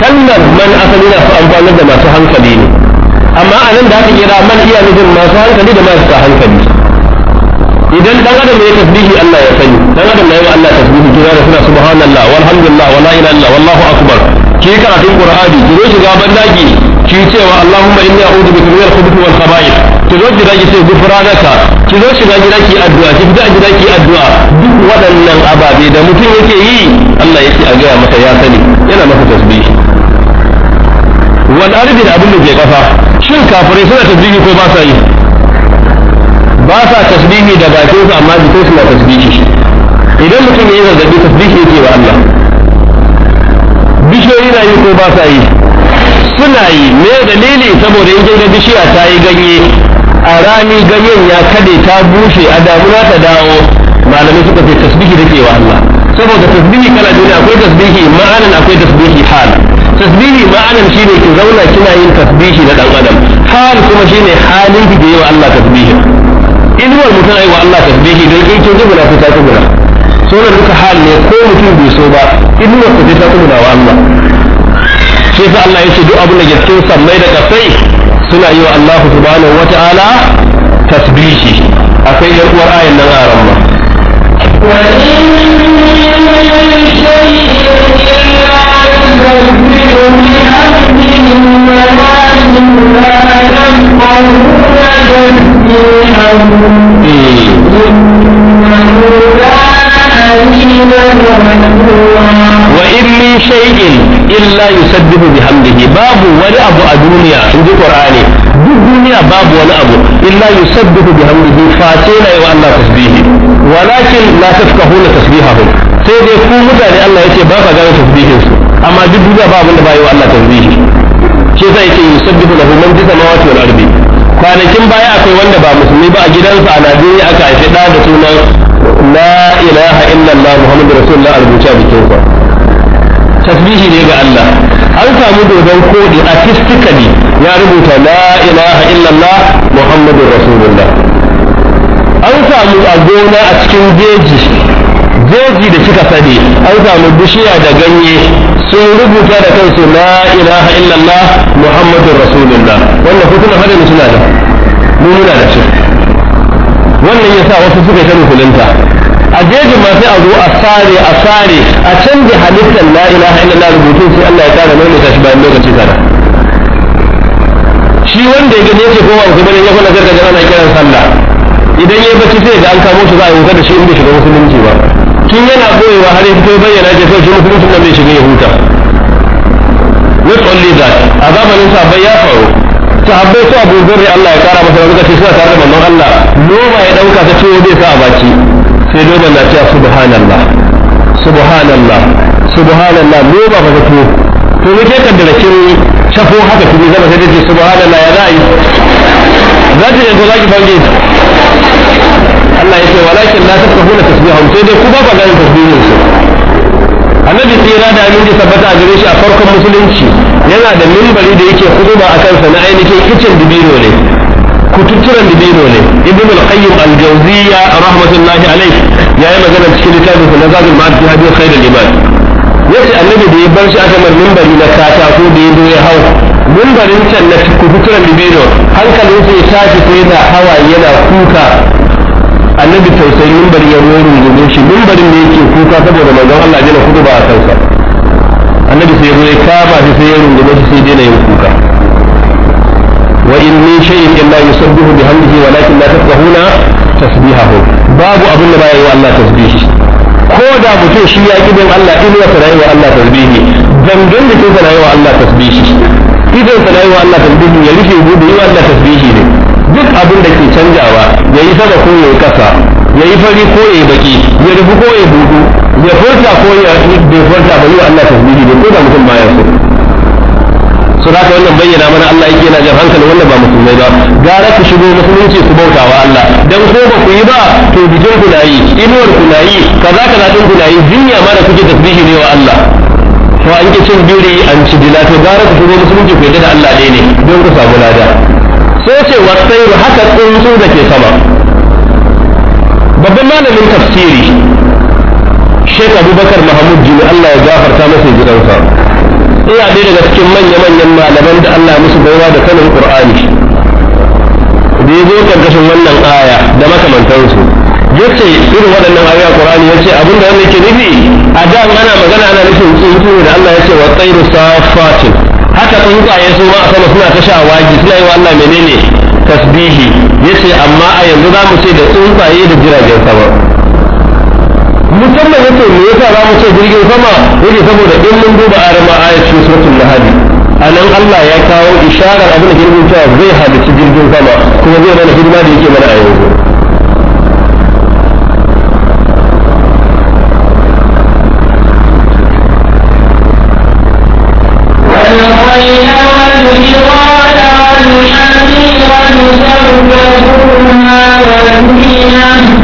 kalmar man asali na amfani da masu hankali ne amma a nan da aka kira man iya nufin masu hankali da masu hankali idan dan adam ya tasbihi Allah ya sani dan adam na yi Allah tasbihi kira da suna subhanallah walhamdulillah wala ilaha illallah wallahu akbar ki karatun qur'ani ki zo shiga bandaki ki cewa Allahumma inni a'udhu bika min al-khubuthi wal khaba'ith ki zo gida ki ce ka ki zo shiga gida ki addu'a ki fita gida ki addu'a duk waɗannan ababe da mutum yake yi Allah yake a gaya masa ya sani yana maka tasbihi wal ardi da abin da ke kafa shin kafirai suna tasbihi ko ba sa yi ba sa tasbihi da bakinsu amma jikinsu na tasbihi idan mutum ya yi zazzabi tasbihi yake wa Allah bishiyoyi na yi ko ba sa yi suna yi me dalili saboda in ga bishiya ta yi ganye a rani ganyen ya kade ta bushe a damuna ta dawo malamai suka ce tasbihi da wa Allah saboda tasbihi kala duniya akwai tasbihi ma'anan akwai tasbihi hal tasbihi ma'anan shine ki zauna kina yin tasbihi na dan adam hal kuma shine halin ki yi wa Allah tasbihi inuwar mutum ai wa Allah tasbihi don in kin zubuna ta zubuna sunan duka hal ne ko mutum bai so ba inuwar ta ta zubuna wa Allah كيف الله يسدو أبو نجد سنسا ميدا كفي سنة يو الله سبحانه وتعالى تسبيشي أفي يقول آية نغار الله وإن من شيء يعتبر من أمر ما لم يكن لا يمر لا يمر وإن من شيء إلا يسبح بحمده باب ولا أبو الدنيا عند القرآن الدنيا باب ولا أبو إلا يسبح بحمده فاتينا وأن تسبيه ولكن لا تفقهون تسبيحهم sai dai ku mutane Allah ya ce ba ka gane tasbihin amma duk duniya ba abin da bayi wa Allah tasbihi shi man kwanakin baya akwai wanda ba musulmi ba a gidansa a Najeriya aka haifi da da sunan la ilaha illallah rasulullah a rubuce a jikinsa tasbihi ne ga Allah an samu dodon kodi artistically ya rubuta la ilaha illallah rasulullah an samu a gona a cikin jeji jeji da kika sani an samu bishiya da ganye sun rubuta da kansu la ilaha illallah muhammadu rasulullah wannan ko kuna suna da mu muna da shi wannan ya sa wasu suka ta kulinta a jejin ma sai a zo a sare a sare a canza halittar la ilaha illallah rubutun sai Allah ya kara nuna shi bayan lokaci da. shi wanda ya gani yake ko ba bane ya kula garga ana kiran sallah idan ya bacci sai ga an kamo shi za a wuta da shi inda shiga musulunci ba tun yana koyewa har ya fito bayyana ke kai shi musulunci da bai shiga ya huta a zamanin ya faru sahabbai su abu zurri Allah ya kara masa suka ce suna tare da manzon Allah noma ya dauka ta ce zai sa a baki sai noma na cewa subhanallah subhanallah subhanallah noma ba ta to to ne ke kaddara kin shafo haka kuma zama sai ce subhanallah ya za'i za ta yanzu za zaki fange Allah ya ce walakin na la tafkahuna tasbihahum sai dai ku ba ba ganin tasbihin su annabi tsira da aminci sabbata a gare shi a farkon musulunci yana da mimbari da yake kuduba a kansa na ainihin kicin dibino ne kututturan dibino ne ibn al-qayyim al-jawziyya rahmatullahi alayh yayi magana cikin littafin sa na zadul ma'ad fi hadith khair al-iman yace annabi da ya bar shi aka mar mimbari na katako da ya zo ya hau mimbarin can na kututturan dibino hankalin sai ya tashi sai hawa yana kuka annabi tausayi mimbari ya roro shi mimbarin ne yake kuka saboda manzon Allah ya na kutuba a kansa annabi sai ya zo kama shi sai ya rungume shi sai daina yin kuka wa in min shay'in illa yusabbihu bihamdihi walakin la tafqahuna tasbihahu babu abin da bai yi wa Allah tasbihi ko da mutum shi ya kibin Allah in ya tarayi wa Allah tasbihi dangan da ke tarayi wa Allah tasbihi idan tarayi wa Allah tasbihi ya rufe gudu yi wa Allah tasbihi ne duk abin da ke canjawa ya yi sama ko ya yi kasa ya yi fari ko ya yi baki ya rufu ko ya budu bai furta ko ya bai furta ba yi wa Allah tasbihi bai ko da mutum ba ya so su da wannan bayyana mana Allah yake yana jan hankali wannan ba musulmai ba gara ku shigo musulunci su bauta wa Allah dan ko ba ku yi ba to bikin ku na yi inuwar ku na yi kaza kaza din ku na yi jinya ma da kuke tasbihi ne wa Allah to an ki cin biri an ci dila to gara ku shigo musulunci ku yadda da Allah ɗaya ne don ku samu lada sai ce wasai haka tsuntsu da ke sama babban malamin tafsiri Sheikh Abubakar Mahmud Jini Allah ya gafarta masa gidansa ina ɗaya daga cikin manya-manyan malaman da Allah musu baiwa da sanin Qur'ani da ya zo wannan aya da makamantansu yace irin waɗannan aya Qur'ani yace abin da wannan ke nufi a da ana magana ana nufin tsuntsu da Allah yace wa tsairu safatin haka tsuntsaye su ma a sama suna ta shawagi suna yi wa Allah menene tasbihi yace amma a yanzu za mu ce da tsuntsaye da jiragen sama musamman ya ce me yasa za mu ce jirgin sama yake saboda in mun duba arama ayat cikin suratul lahadi a nan Allah ya kawo isharar abin da jirgin cewa zai halicci jirgin sama kuma zai mana hidima da yake mana a yanzu Yeah.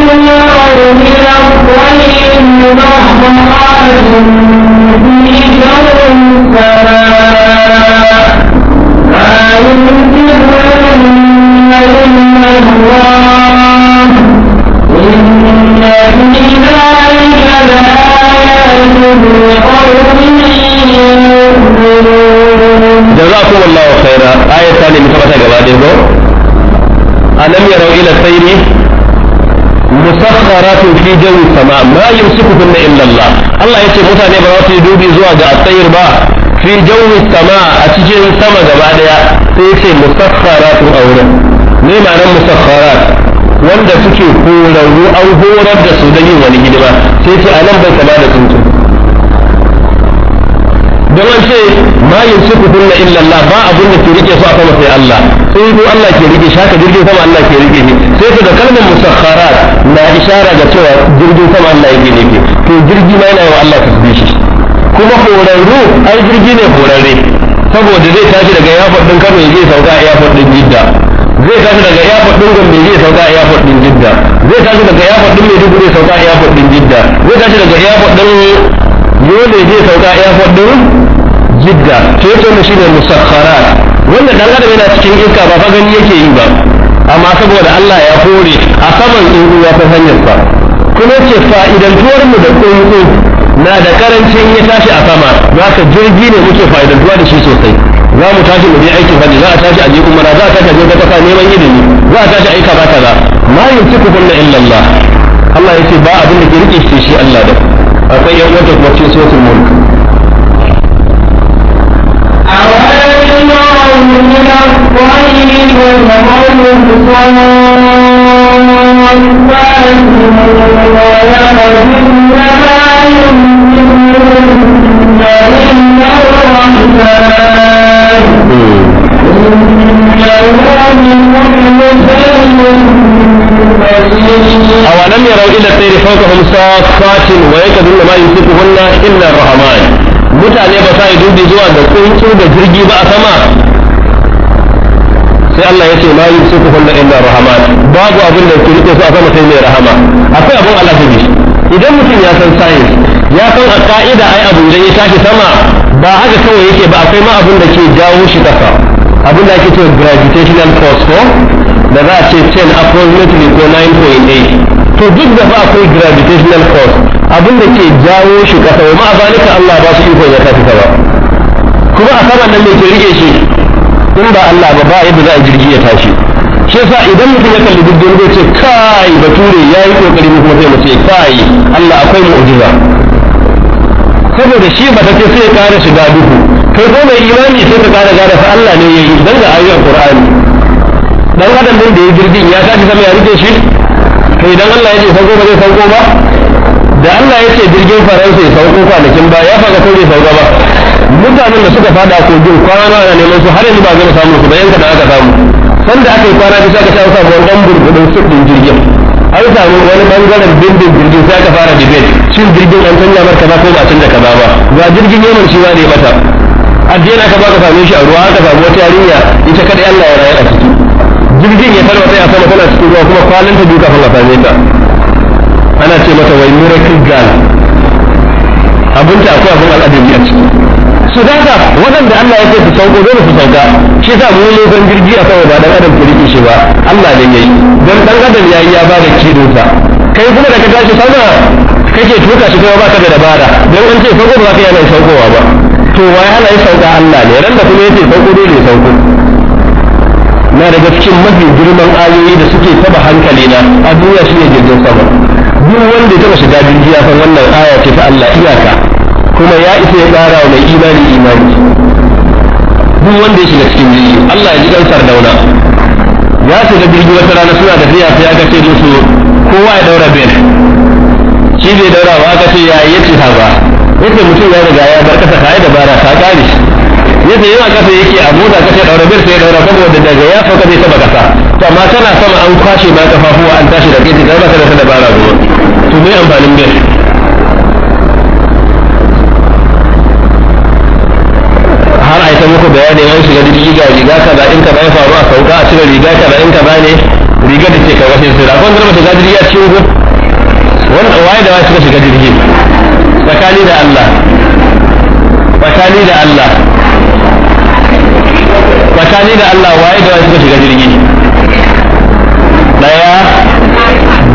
النار من الطير مضحرات في جو سواء لا يمكنن إلا الله إن في ذلك لآيات جزاكم الله خيرا آية ثانية مثبتة قبل ألم يروا إلى الطير mutaratun fi jawi sama ma yumsikuhunna illa Allah Allah yace mutane ba za su yi dubi zuwa ga asayir ba fi jawi sama a cikin sama gaba daya sai yace musakharatu auren ne ma'anar musakharat wanda suke horarru an horar da su don yin wani hidima sai ce a nan bai kama da tuntun don an ce ma yusufu kunna illa ba abun da ke rike su a sama sai Allah sai ko Allah ke rike shaka jirgin sama Allah ke rike shi sai ka da kalmar musakharat na ishara da cewa jirgin sama Allah yake rike to jirgi ma yana wa Allah tasbihi kuma horarru ai jirgi ne horarre saboda zai tashi daga airport din Kano zai sauka a airport din Jidda zai tashi daga airport din Gombe zai sauka a airport din Jidda zai tashi daga airport din Maiduguri sauka a airport din Jidda zai tashi daga airport din Yole zai sauka a airport din jidda to yace shi ne musakharat wanda dan adam yana cikin iska ba fa yake yi ba amma saboda Allah ya hore a saman in ya fi hanyar sa kuma ce fa'idantuwar mu da tsuntsu na da karancin ya tashi a sama za ka jirgi ne muke fa'idantuwa da shi sosai za mu tashi mu je aikin hajji za a tashi a je umara za a tashi a je kasa neman ilimi za a tashi aika ba kaza ma ku kunna illa Allah ya ce ba abin da ke rike shi Allah da akwai yan wata kuma cikin sosin mulk أولم يروا إلا الطير فوقهم صافات ويكدن ما يمسكهن إلا الرحمن mutane ba يبقى dubi zuwa da tsuntsu da jirgi ba a sai Allah ya ce ma yi su kuhunna illa rahama babu abin da ke rike su a sama sai mai rahama akwai abin alhaji idan mutum ya san science ya san a ka'ida ai abu idan ya tashi sama ba haka kawai yake ba akwai ma abin da ke jawo shi kasa abin da ake ce gravitational force ko da za a ce 10 approximately ko 9.8 to duk da ba akwai gravitational force abin da ke jawo shi kasa wa ma'a Allah ba su iko ya tashi sama kuma a sama nan ne ke rike shi in ba Allah ba ba yadda za a jirgi ya tashi shi yasa idan mutum ya kalli jirgin ruwa, ce kai bature yi kokari mu kuma sai mu ce kai Allah akwai mu'jiza saboda shi ba ta ce sai ya kara shiga duhu kai ko mai imani sai ka kara gara fa Allah ne yayi dan ga ayoyin Qur'ani dan adam din da ya jirgin ya tashi sama ya rike shi kai dan Allah ya ce sauko ba zai sauko ba da Allah ya ce jirgin Faransa ya sauko kwanakin ba ya faga ko bai sauka ba mutanen da suka fada kogin kwana na neman su har yanzu ba zai samu su ba yanka da aka samu sanda aka yi kwana bisa aka samu sabon dan burbuɗin din jirgin an samu wani bangaren bindin jirgin sai aka fara debate shin jirgin an canja marka ba ko ba canja kaza ba ga jirgin yaman shi ma ne mata addini aka baka same shi a ruwa aka samu wata yarinya ita kada Allah ya rayu a ciki jirgin ya tarwata ya sama tana cikin ruwa kuma kwanan ta duka falla same ta ana ce mata wai miracle girl abinta akwai abin al'adabi a ciki su daga waɗanda Allah ya ce su sauko dole su sauka shi yasa mu ne ban jirgi a sama ba dan adam ku riƙe shi ba Allah ne yayi dan dan adam yayi ya ba da kai kuma da ka tashi sama kake tuka shi kuma baka da dabara dan an ce sauko ba ka yana saukowa ba to wai hana ya sauka Allah ne ran da kuma yace sauko dole ya sauko na daga cikin mafi girman ayoyi da suke taba hankali na a duniya shine jirgin sama duk wanda ya taba shiga jirgi a san wannan aya ce ta Allah iyaka kuma ya isa ya tsara wa mai imani imani duk wanda ya shiga cikin jirgi Allah ya ji ɗan sardauna ya shiga jirgi wata rana suna tafiya sai aka ce musu kowa ya daura bel shi bai daura ba aka ce ya yi ya ci ba yace mutum ya riga ya bar kasa kai dabara ta kare yace yana kasa yake a mota ce daura bin sai daura saboda daga ya sauka zai taba kasa to amma tana sama an kwashe ma kafafuwa an tashi da kai da ba ta da dabara ba to me amfanin bin muku bayanin an shiga jirgi ga riga ka kaza in kaza ya faru a sauka a cire riga ka kaza in ka ba ne riga da ke karkashin sura kun zama shiga jirgi a cikin ku wanda waye da waye suka shiga jirgi tsakani da Allah tsakani da Allah tsakani da Allah waye da waye shiga jirgi daya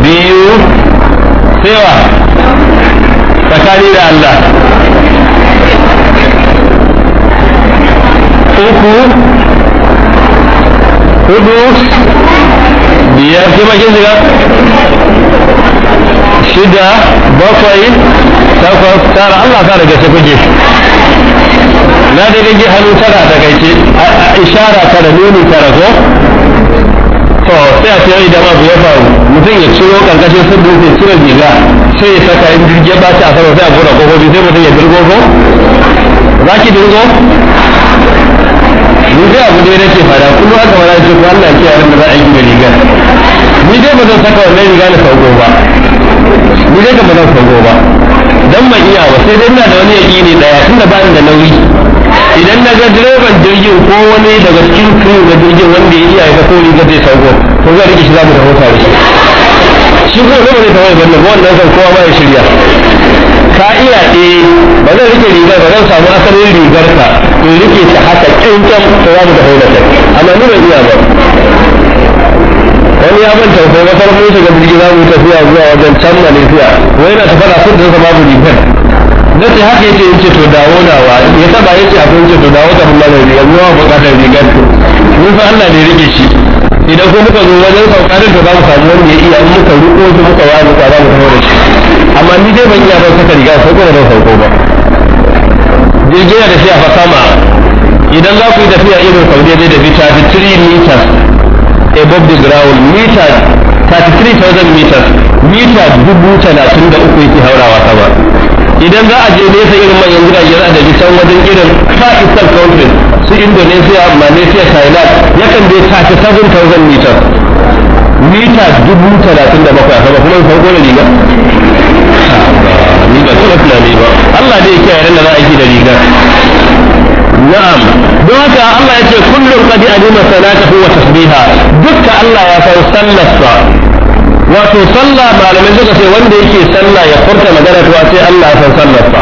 biyu sewa tsakani da Allah uku hudu biyar ke makin shiga shida bakwai takwas tara Allah ta daga ta kuke na da rage hannu tara ta kai gaice ishara tara nuni tara ko to sai a cewa idan abu ya faru mutum ya ciro karkashin sirri sai cire riga sai ya saka in jirgi ya baci a sama sai a gura kofofi sai mutum ya dirgo ko za ki dirgo ni dai abu dai nake fada kullum aka fara ce ko Allah ya kiyaye da za a yi da rigar ni dai ba zan saka wannan riga na sauko ba ni dai ba zan sauko ba dan iya ba sai dai ina da wani yaƙini daya tunda ba ni da nauyi idan na ga direban jirgin ko wani daga cikin crew na jirgin wanda ya iya ya ko riga zai sauko ko zai rike shi za mu tafi da shi ko zai tafi ban da wannan san kowa ba ya shirya ka iya ba zan rike rigar ba zan samu asalin rigar ka in rike ta haka kyankyan ta za mu tafi da kai amma ni ban iya ba wani ya ban tafiya na farko shiga birgi za mu tafiya zuwa wajen can malaysia wai na ta fara sun da zama babu rigar na ce haka yake yace to dawo wa ya taba yace akwai yace to dawo ta da mallan ya zuwa bukatar rigar ku. mun fa Allah ne rike shi idan ko muka zo wajen sauka da za mu samu wani ya iya in muka riko su muka wani ka za mu tafi da shi amma ni dai ban iya ban saka riga sauko da farko ba jirgin da shi fa sama idan za ku yi tafiya irin saudi dai da bita 3 meters above the ground meter 33,000 meters mita dubu talatin da uku yake haurawa sama idan za a je nesa irin manyan jiragen za a daji can wajen irin pakistan eastern countries su indonesia malaysia thailand yakan je 37,000 meters mita dubu talatin da bakwai sama kuma sauko da riga riga tura tunani ba Allah dai yake yaren da za a yi da riga na'am don haka Allah ya ce kullum qad alima salatahu wa tasbiha dukka Allah ya san sallarsa wato sallah malamai suka ce wanda yake sallah ya furta magana to sai Allah ya san sallarsa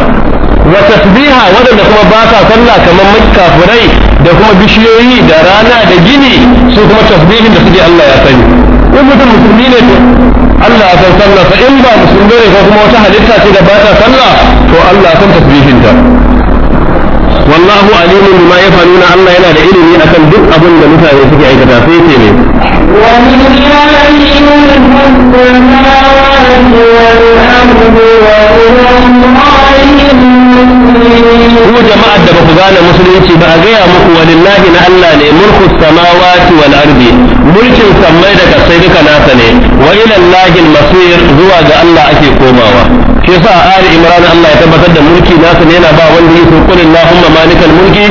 wa tasbiha waɗanda kuma ba sa sallah kamar makkafurai da kuma bishiyoyi da rana da gini su kuma tasbihin da suke Allah ya sani in mutum musulmi ne to Allah a san sallah fa in ba musulmi ne ko kuma wata halitta ce da ba ta sallah to Allah san tasbihin ta wallahu alimun bima yafaluna Allah yana da ilimi akan duk abin da mutane suke aikata sai ce ne ولله ملك السماوات والأرض وإلى الله Ku jama'ar da ba ku gane musulunci ba a gaya muku walillahi na Allah ne mulku samawati wal ardi mulkin sammai da kasai duka nasa ne wa ila Allahi masir zuwa ga Allah ake komawa shi yasa a Ali Imran Allah ya tabbatar da mulki nasa ne yana ba wanda yake kullu Allahumma malikal mulki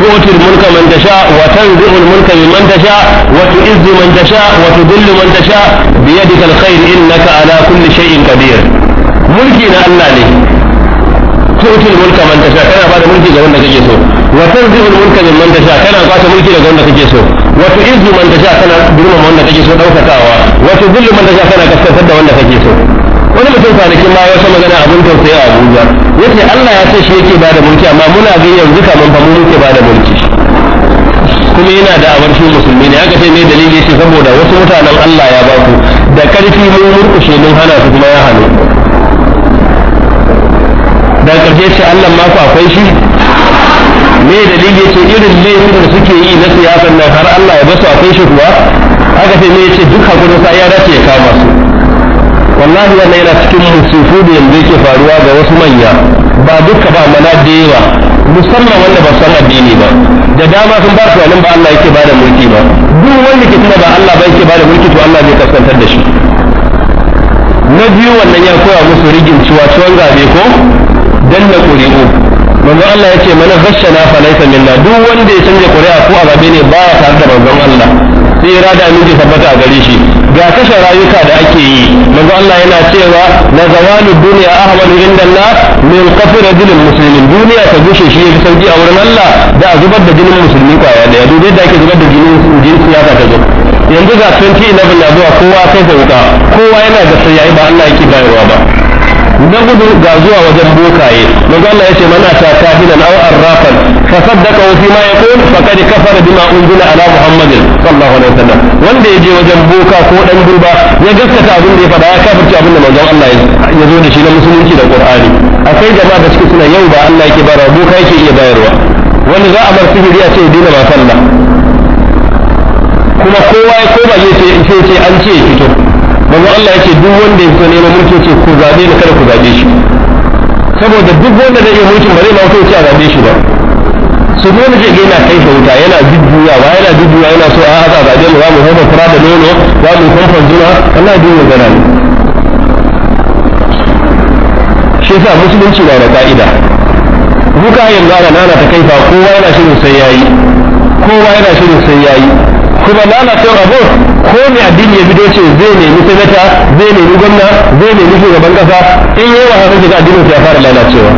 تؤتي الملك من تشاء وتنزع الملك لمن تشاء وتعز من تشاء وتذل من تشاء بيدك الخير انك على كل شيء قدير ملكنا الله لي تؤتي الملك من تشاء كان بعد ملكي لو انك وتنزع الملك من تشاء كان بعد ملكي لو انك وتعز من تشاء كان بدون ما انك جيسو وتذل من تشاء كان كسر وانك جيسو wani mutum kwanakin ma sama gana abin tausayi a abuja ya ce allah ya ce shi yake ba da mulki amma muna ga yanzu kamar fa mu muke ba da mulki kuma yana da a shi musulmi ne aka ce ne dalili shi saboda wasu mutanen allah ya ba ku da karfi mun murkushe mun hana su kuma ya hana da karfe ce allah ma ku akwai shi me dalili ce irin laifin da suke yi na siyasan nan har allah ya basu akwai shi kuwa aka ce ne yace duk hakurin sa ya dace ya kama su wallahi wannan yana cikin musufu da yanzu yake faruwa ga wasu manya ba duka ba mana da yawa musamman wanda ba san addini ba da dama sun ba su wani ba Allah yake bada mulki ba duk wanda ke kuma ba Allah ba yake bada mulki to Allah zai kaskantar da shi na biyu wannan ya koya musu rigin ciwa ciwon zabe ko danna ƙuri'u manzo Allah ya ce mana ghashana fa laysa minna duk wanda ya canja ƙuri'a ko a zabe ne baya tare da manzon Allah sai irada mun ji tabbata a gare shi ga kashe rayuka da ake yi manzo Allah yana cewa na zawalu duniya ahwal inda Allah min qatl rajulin muslimin duniya ta gushe shi ya sauki a wurin Allah da a zubar da jinin musulmi kwaya daya dubai da ake zubar da jinin jinin siyasa ta zo yanzu ga 2011 na zuwa kowa sai da kowa yana da sayayi yayi ba Allah yake bayarwa ba na gudu ga zuwa wajen bokaye manzo Allah ce mana ta kahinan aw arrafan fa saddaka fi ma yaqul faqad kafara bima unzila ala muhammadin sallallahu alaihi wasallam wanda je wajen boka ko dan gurba ya gaskata abin da ya faɗa ya kafirci abin da manzo Allah ya zo da shi na musulunci da qur'ani akwai jama'a da suke suna yau ba Allah yake bayarwa boka yake iya bayarwa wani za a bar sihiri a ce dina ba sallah kuma kowa ya koma ya ce an ce fito manzo Allah yake duk wanda ya so neman mulki ce ku zabe ni kada ku zabe shi saboda duk wanda zai yake mulkin ba zai ma kai ce a zabe shi ba su ne ne je ga yana kai wuta yana ba yana jujjuyawa yana so a haka zabe mu za mu hoda da nono za mu kwamfan juna Allah ya dinga gana ne shi yasa musulunci na da ka'ida buka yanzu ana nana ta kaifa kowa yana shirin sai yayi kowa yana shirin sai yayi kuma lalacewar abu ko mai addini ya bido ce zai nemi sanata zai nemi gwamna zai nemi shugaban kasa in yi wa hannun shiga addinin ya fara lalacewa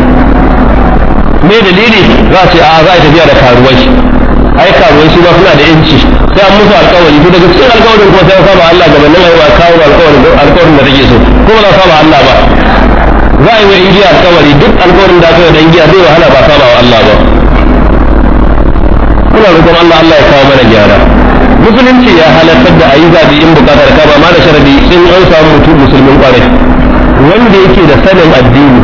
me dalili za a ce a za a tafiya da karuwai ai karuwai su ba suna da yanci sai an musu alkawari ko daga cikin alkawarin kuma sai an saba Allah ga bannin aiwa kawo alkawarin alkawarin da take so kuma za saba Allah ba za a yi wa ingiya alkawari duk alkawarin da aka yi da ingiya zai wahala ba saba wa Allah ba kuna roƙon Allah Allah ya kawo mana gyara musulunci ya halartar da ayi zabi in bukatar ka ba ma da sharadi in an samu mutum musulmin kwarai wanda yake da sanin addini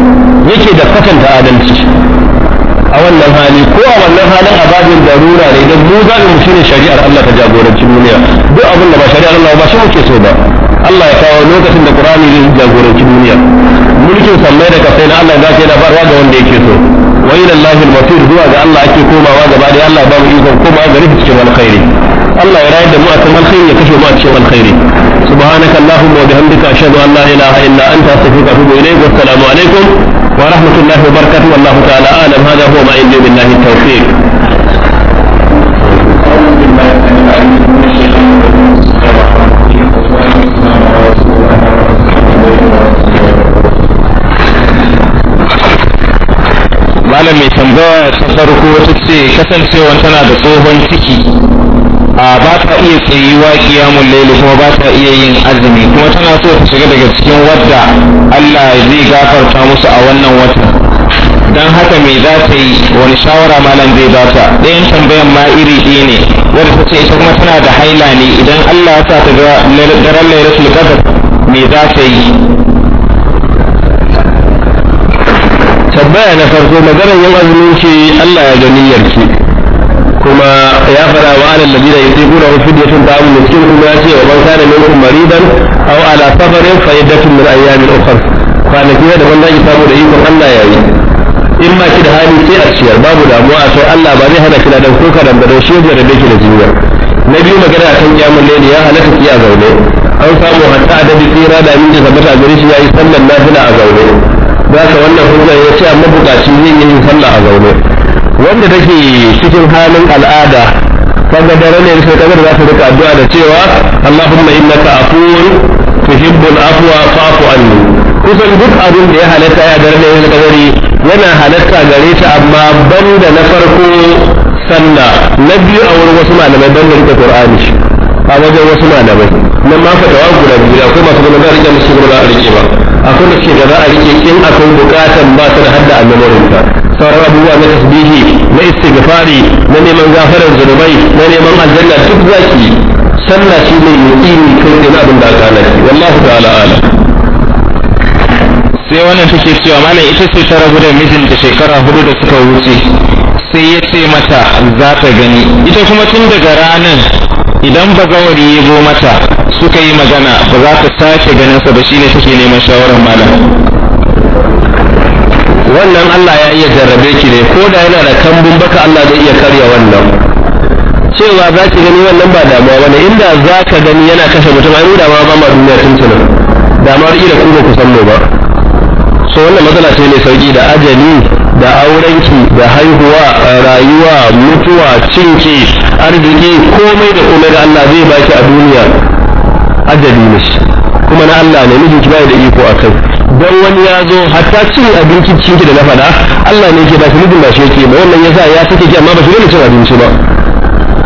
yake da kwatanta adalci a wannan hali ko a wannan halin ababin darura ne don mu zaɓi mu shine shari'ar Allah ta jagoranci duniya duk abin da ba shari'ar Allah ba shi muke so ba Allah ya kawo lokacin da Qur'ani zai jagoranci duniya mulkin sammai da kasai na Allah zai yana barwa ga wanda yake so wa ila Allahil masir zuwa ga Allah ake komawa gaba da Allah ba mu ikon komawa gare shi cikin alkhairi الله يراد ما أكرم الخير يكشف ما أكشف الخير سبحانك اللهم وبحمدك أشهد أن لا إله إلا أنت أستغفرك وأتوب إليك والسلام عليكم ورحمة الله وبركاته والله تعالى أعلم هذا هو ما عندي بالله التوفيق malam mai tambaya ta farko wata ce kasancewa tana da tsohon ciki a ba ta iya tsayuwa kiyamun laili kuma ba ta iya yin azumi kuma tana so ta shiga daga cikin wadda Allah zai gafarta musu a wannan watan dan haka me za ta yi wani shawara malam zai ba ta ɗayan tambayan ma iri ɗaya ne wadda ta ce ita kuma tana da haila ne idan Allah ya sa ta ga daren lailatul qadr me za ta yi tabbaya na farko maganar yin azumin ki Allah ya ga niyyar ki kuma ya fara wa alal ladina yuqimuna fidyatun ta'amun miskin kuma ya ce wa man kana minkum maridan aw ala safarin fa iddatun min ayyamin ukhra kwanaki da wannan ya samu da ikon Allah ya yi in ma ki da hali sai a ciyar babu damuwa a sai Allah ba zai hana ki da dan ko kadan ba da shi da rabe ki da jinya na biyu magana akan kiyamul layli ya halatta ki a zaune an samu hatta adadi tsira da min da tabbata gare shi yayi sallan nafila a zaune za ka wannan hujja ya ce amma bukaci zai yi sallah a zaune wanda take cikin halin al'ada kaga dare ne sai kaga za ta rika addu'a da cewa Allahumma innaka afuwun tuhibbul afwa fa'fu anni kusan duk abin da ya halatta ya dare ne sai kaga yana halatta gare ta amma banda na farko sanna na biyu a wurin wasu malamai banda rike Qur'ani a wajen wasu malamai nan ma fatawa guda biyu akwai masu gudanar da rike musu za a rike ba akwai da ke da za a rike in akwai bukatan ba su da hadda a ta. sauran abubuwa na tasbihi na istighfari na neman gafarar zunubai na neman aljanna duk zaki sallah shi ne yaqini kai da abin da aka naki wallahi ta'ala ala sai wannan take cewa malam ita ce ta rabu da mijinta shekara hudu da suka wuce sai ya ce mata za ta gani ita kuma tun daga ranar idan bagawari ya mata suka yi magana ba za ta sake ganin sa ba shine take neman shawarar malam wannan Allah ya iya jarrabe ki ne ko da yana da kambun baka Allah zai iya karya wannan cewa za ki gani wannan ba damuwa wani inda za ka gani yana kashe mutum ai da ma ba ma duniya tuntunan da ma da ku ba ku san mu ba so wannan matsala ce mai sauki da ajali da aurenki da haihuwa rayuwa mutuwa cinki arziki komai da komai da Allah zai baki a duniya ajali ne kuma na Allah ne mijinki bai da iko akai dan wani ya zo hatta cin abinci cikin da na faɗa Allah ne yake ba shi mijin ba shi yake ba wannan yasa ya sake ki amma ba shi ne cin abinci ba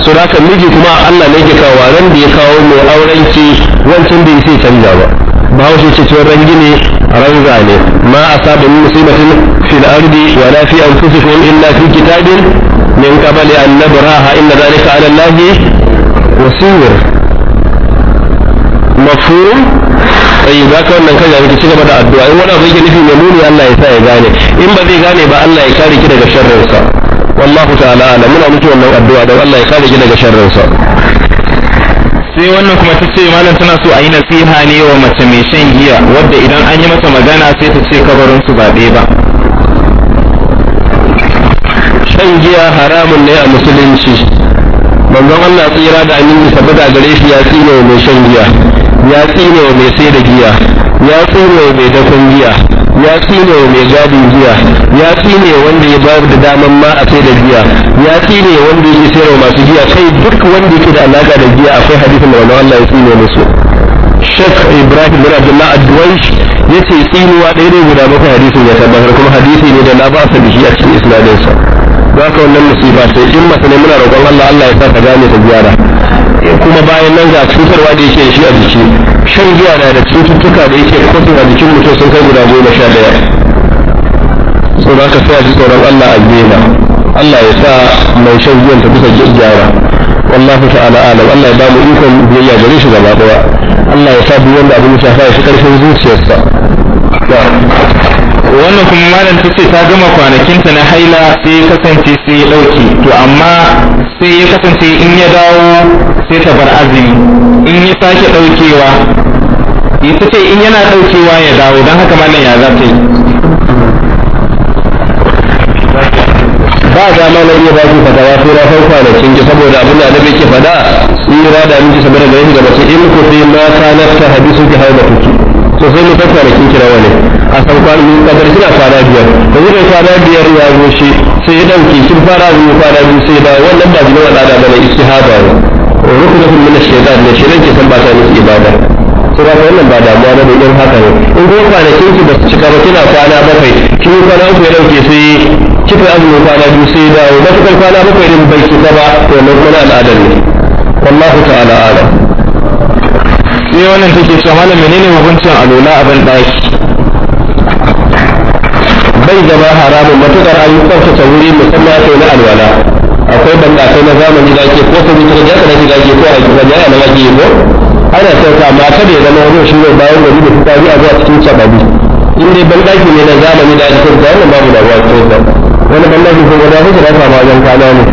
so da haka miji kuma Allah ne yake kawo ran da ya kawo mai auren ki wancan bai sai canja ba ba shi ce cewa rangi ne ranza ne ma asaba min musibatin fil ardi wa la fi anfusikum illa fi kitabin min qabli an nabraha inna dhalika ala allahi wasir mafhum ayi za ka wannan kaja miki cigaba da addu'a in wani abu yake nufi mai muni Allah ya sa ya gane in ba zai gane ba Allah ya kare ki daga sharrin sa wallahu ta'ala ala muna miki wannan addu'a da Allah ya kare ki daga sharrin sa sai wannan kuma ta ce malam tana so a yi nasiha ne wa mace mai shan giya wadda idan an yi mata magana sai ta ce kabarin su ba ɗaya ba shan giya haramun ne a musulunci manzon Allah tsira da aminci tabbata gare shi ya tsine mai shan giya ya tsine wa mai sai da giya ya tsine wa mai dakon giya ya tsine wa mai gadin giya ya tsine wanda ya bayar da daman ma a sai da giya ya tsine wanda ya sayarwa masu giya kai duk wanda yake da alaka da giya akwai hadisin da wani Allah ya tsine musu Sheikh Ibrahim bin Abdullah Adwaish yace tsinuwa ɗaya ne guda bakwai hadisin ya tabbatar kuma hadisi ne da na ba sa bihi a cikin sa ba ka wannan musiba sai in ne muna roƙon Allah Allah ya sa ka gane ta gyara. kuma bayan nan ga cutarwa da yake shi a jiki shan giya na da cututtuka da yake kwatin a jikin mutum sun kai guda goma sha daya so za ka sa a ji tsoron Allah a Allah ya sa mai shan giyan ta kusa gyara wallahu ta'ala alam Allah ya ba mu ikon biyayya gare shi gaba daya Allah ya sa duk wanda abin ya shafa ya fi karfin zuciyarsa wannan kuma malam ta ce ta gama kwanakinta na haila sai kasance sai ya ɗauki to amma sai ya kasance in ya dawo sai ta bar azumi in ya sake daukewa ita ce in yana daukewa ya dawo don haka malam ya za ta yi ba da malam na iya baki fata sai na farko da cinki saboda abin da annabi ke yi tsira da aminci saboda gare da gaba ce in ku sai ma sanar ta sun ki hau da kuki to sai mu san kwanakin kira wani a san kwanan kabar kina kwana biyar da zai kwana biyar ya zo shi sai ya dauke kin fara biyu fara biyu sai da wannan ba da al'ada istihada istihaba ne rukunun min shaytan ne shirin ke san ba ta miki ibada sai ba wannan ba damuwa da idan haka ne in ko kwanakin ki ba su cika ba kina kwana bakwai kin fara uku ya dauke sai kika azumi kwana biyu sai da matukar kwana bakwai din bai cika ba to nan kuma al'adar ne wallahu ta'ala alam sai wannan take cewa ne menene hukuncin alola abin daki bai zama haramun matukar ayyukan su wuri musamman kai na alwala akwai bandakai na zamani da ake ko kuma da ya kana da ke ko a gidan ya na ake ko ana sauka mata da ya zama wani shi ne bayan gari da fitari a zuwa cikin sababi in dai bandaki ne na zamani da ake kira wannan babu da ruwa cikin wani bandaki ko gaba su da kama wajen kana ne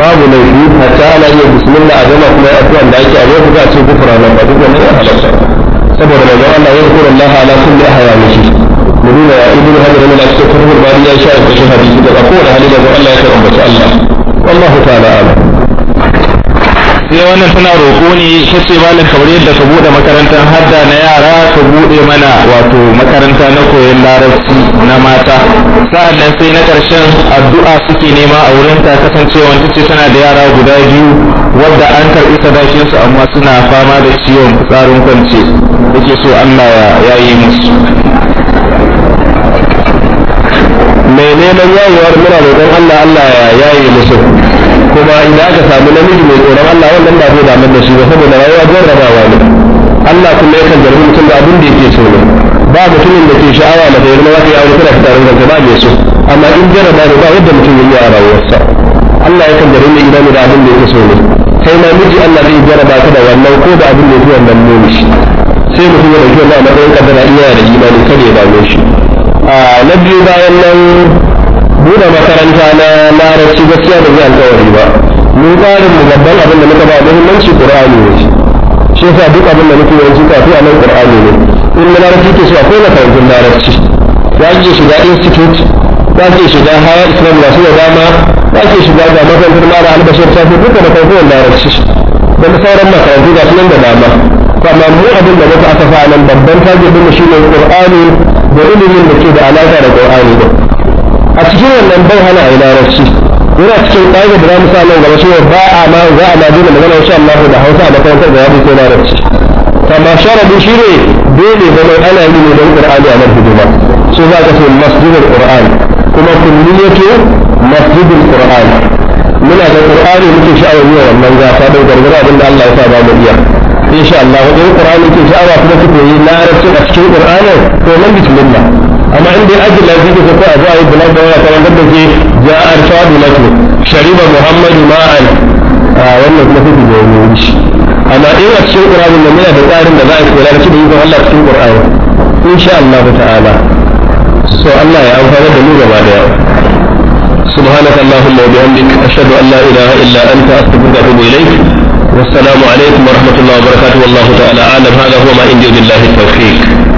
babu laifi hatta ana iya bismillah a zama kuma addu'an da ake a yau ku ga ce gufura nan ba duk wannan ya halatta saboda manzon Allah ya kura Allah ala kulli ahyanihi nuna ibn yana cikin kurkur ya sha hadisi daga kowane hali Allah ya Allah ala sai wannan tana roƙo ne shi ce malam kamar yadda ka buɗe makarantar hadda na yara ka buɗe mana wato makaranta na koyon larabci na mata sa'annan sai na ƙarshen addu'a suke nema a wurin ta kasancewa ta ce tana da yara guda biyu wadda an karɓi sadakin su amma suna fama da ciwon tsarin kwance yake so Allah ya yi musu mai neman yayewar muna roƙon Allah Allah ya yaye musu kuma idan aka samu namiji mai tsoron Allah wannan ba zai damar da shi ba saboda rayuwa rabawa ne Allah kuma ya kan jarrabi mutum da abin da yake so ne ba mutumin da ke sha'awa na da yarma zai yawo kana fitarin da ba mai so amma in jarraba ne ba yadda mutum yi a rayuwarsa Allah ya kan jarrabi idan da abin da yake so ne kai ma miji Allah zai jarraba ta da wannan ko da abin da yake wannan ne sai mutum ya dauki wannan a matsayin kadara iya da imani kada ya dame shi na biyu bayan nan buɗe makaranta na larabci gaskiya da zai alkawari ba mun tsarin mu babban abin da muka ba muhimmanci ƙur'ani ne shi yasa duk abin da muke yanzu kafi a nan ƙur'ani ne in na larabci ke so akwai makarantun larabci za ki shiga institute za ki shiga haya islam na su da dama za ki shiga ga makarantar mara albashir ta fi duka makarantun larabci da sauran makarantu ga su nan da dama Kamar mu abin da muka aka fa nan babban target shi ne ƙur'ani da ilimin da ke da alaƙa da qur'ani ba a cikin wannan bai hana a yi larabci yana cikin ƙa'ida da za mu sa nan gaba ba a ma za a ma magana insha Allah da Hausa a makarantar da yadda ko larabci amma sharadi shi ne dole mai ana yi ne don ƙur'ani a nan hidima so za ka ce masjidul ƙur'an kuma kulliyatu masjidul muna da ƙur'ani muke sha'awar yi wannan gasa don gargara abinda Allah ya sa ba mu iya insha Allah wajen ƙur'ani ke sha'awa kuma kuke yi larabci a cikin ƙur'anin ومن بسم الله أنا عندي أجل أزيد فكوا أجاء البلاد ولا كمان قد في جاء أرشاد لكم شريب محمد ماء wannan kuma sai da yayi shi amma in a cikin Qur'ani ne yana da tsarin da za a kula da shi da yin Allah cikin Qur'ani insha Allah ta'ala so Allah سبحانك اللهم وبحمدك أشهد أن لا إله إلا أنت أستغفرك وأتوب إليك والسلام عليكم ورحمة الله وبركاته والله تعالى أعلم هذا هو ما عندي بالله التوفيق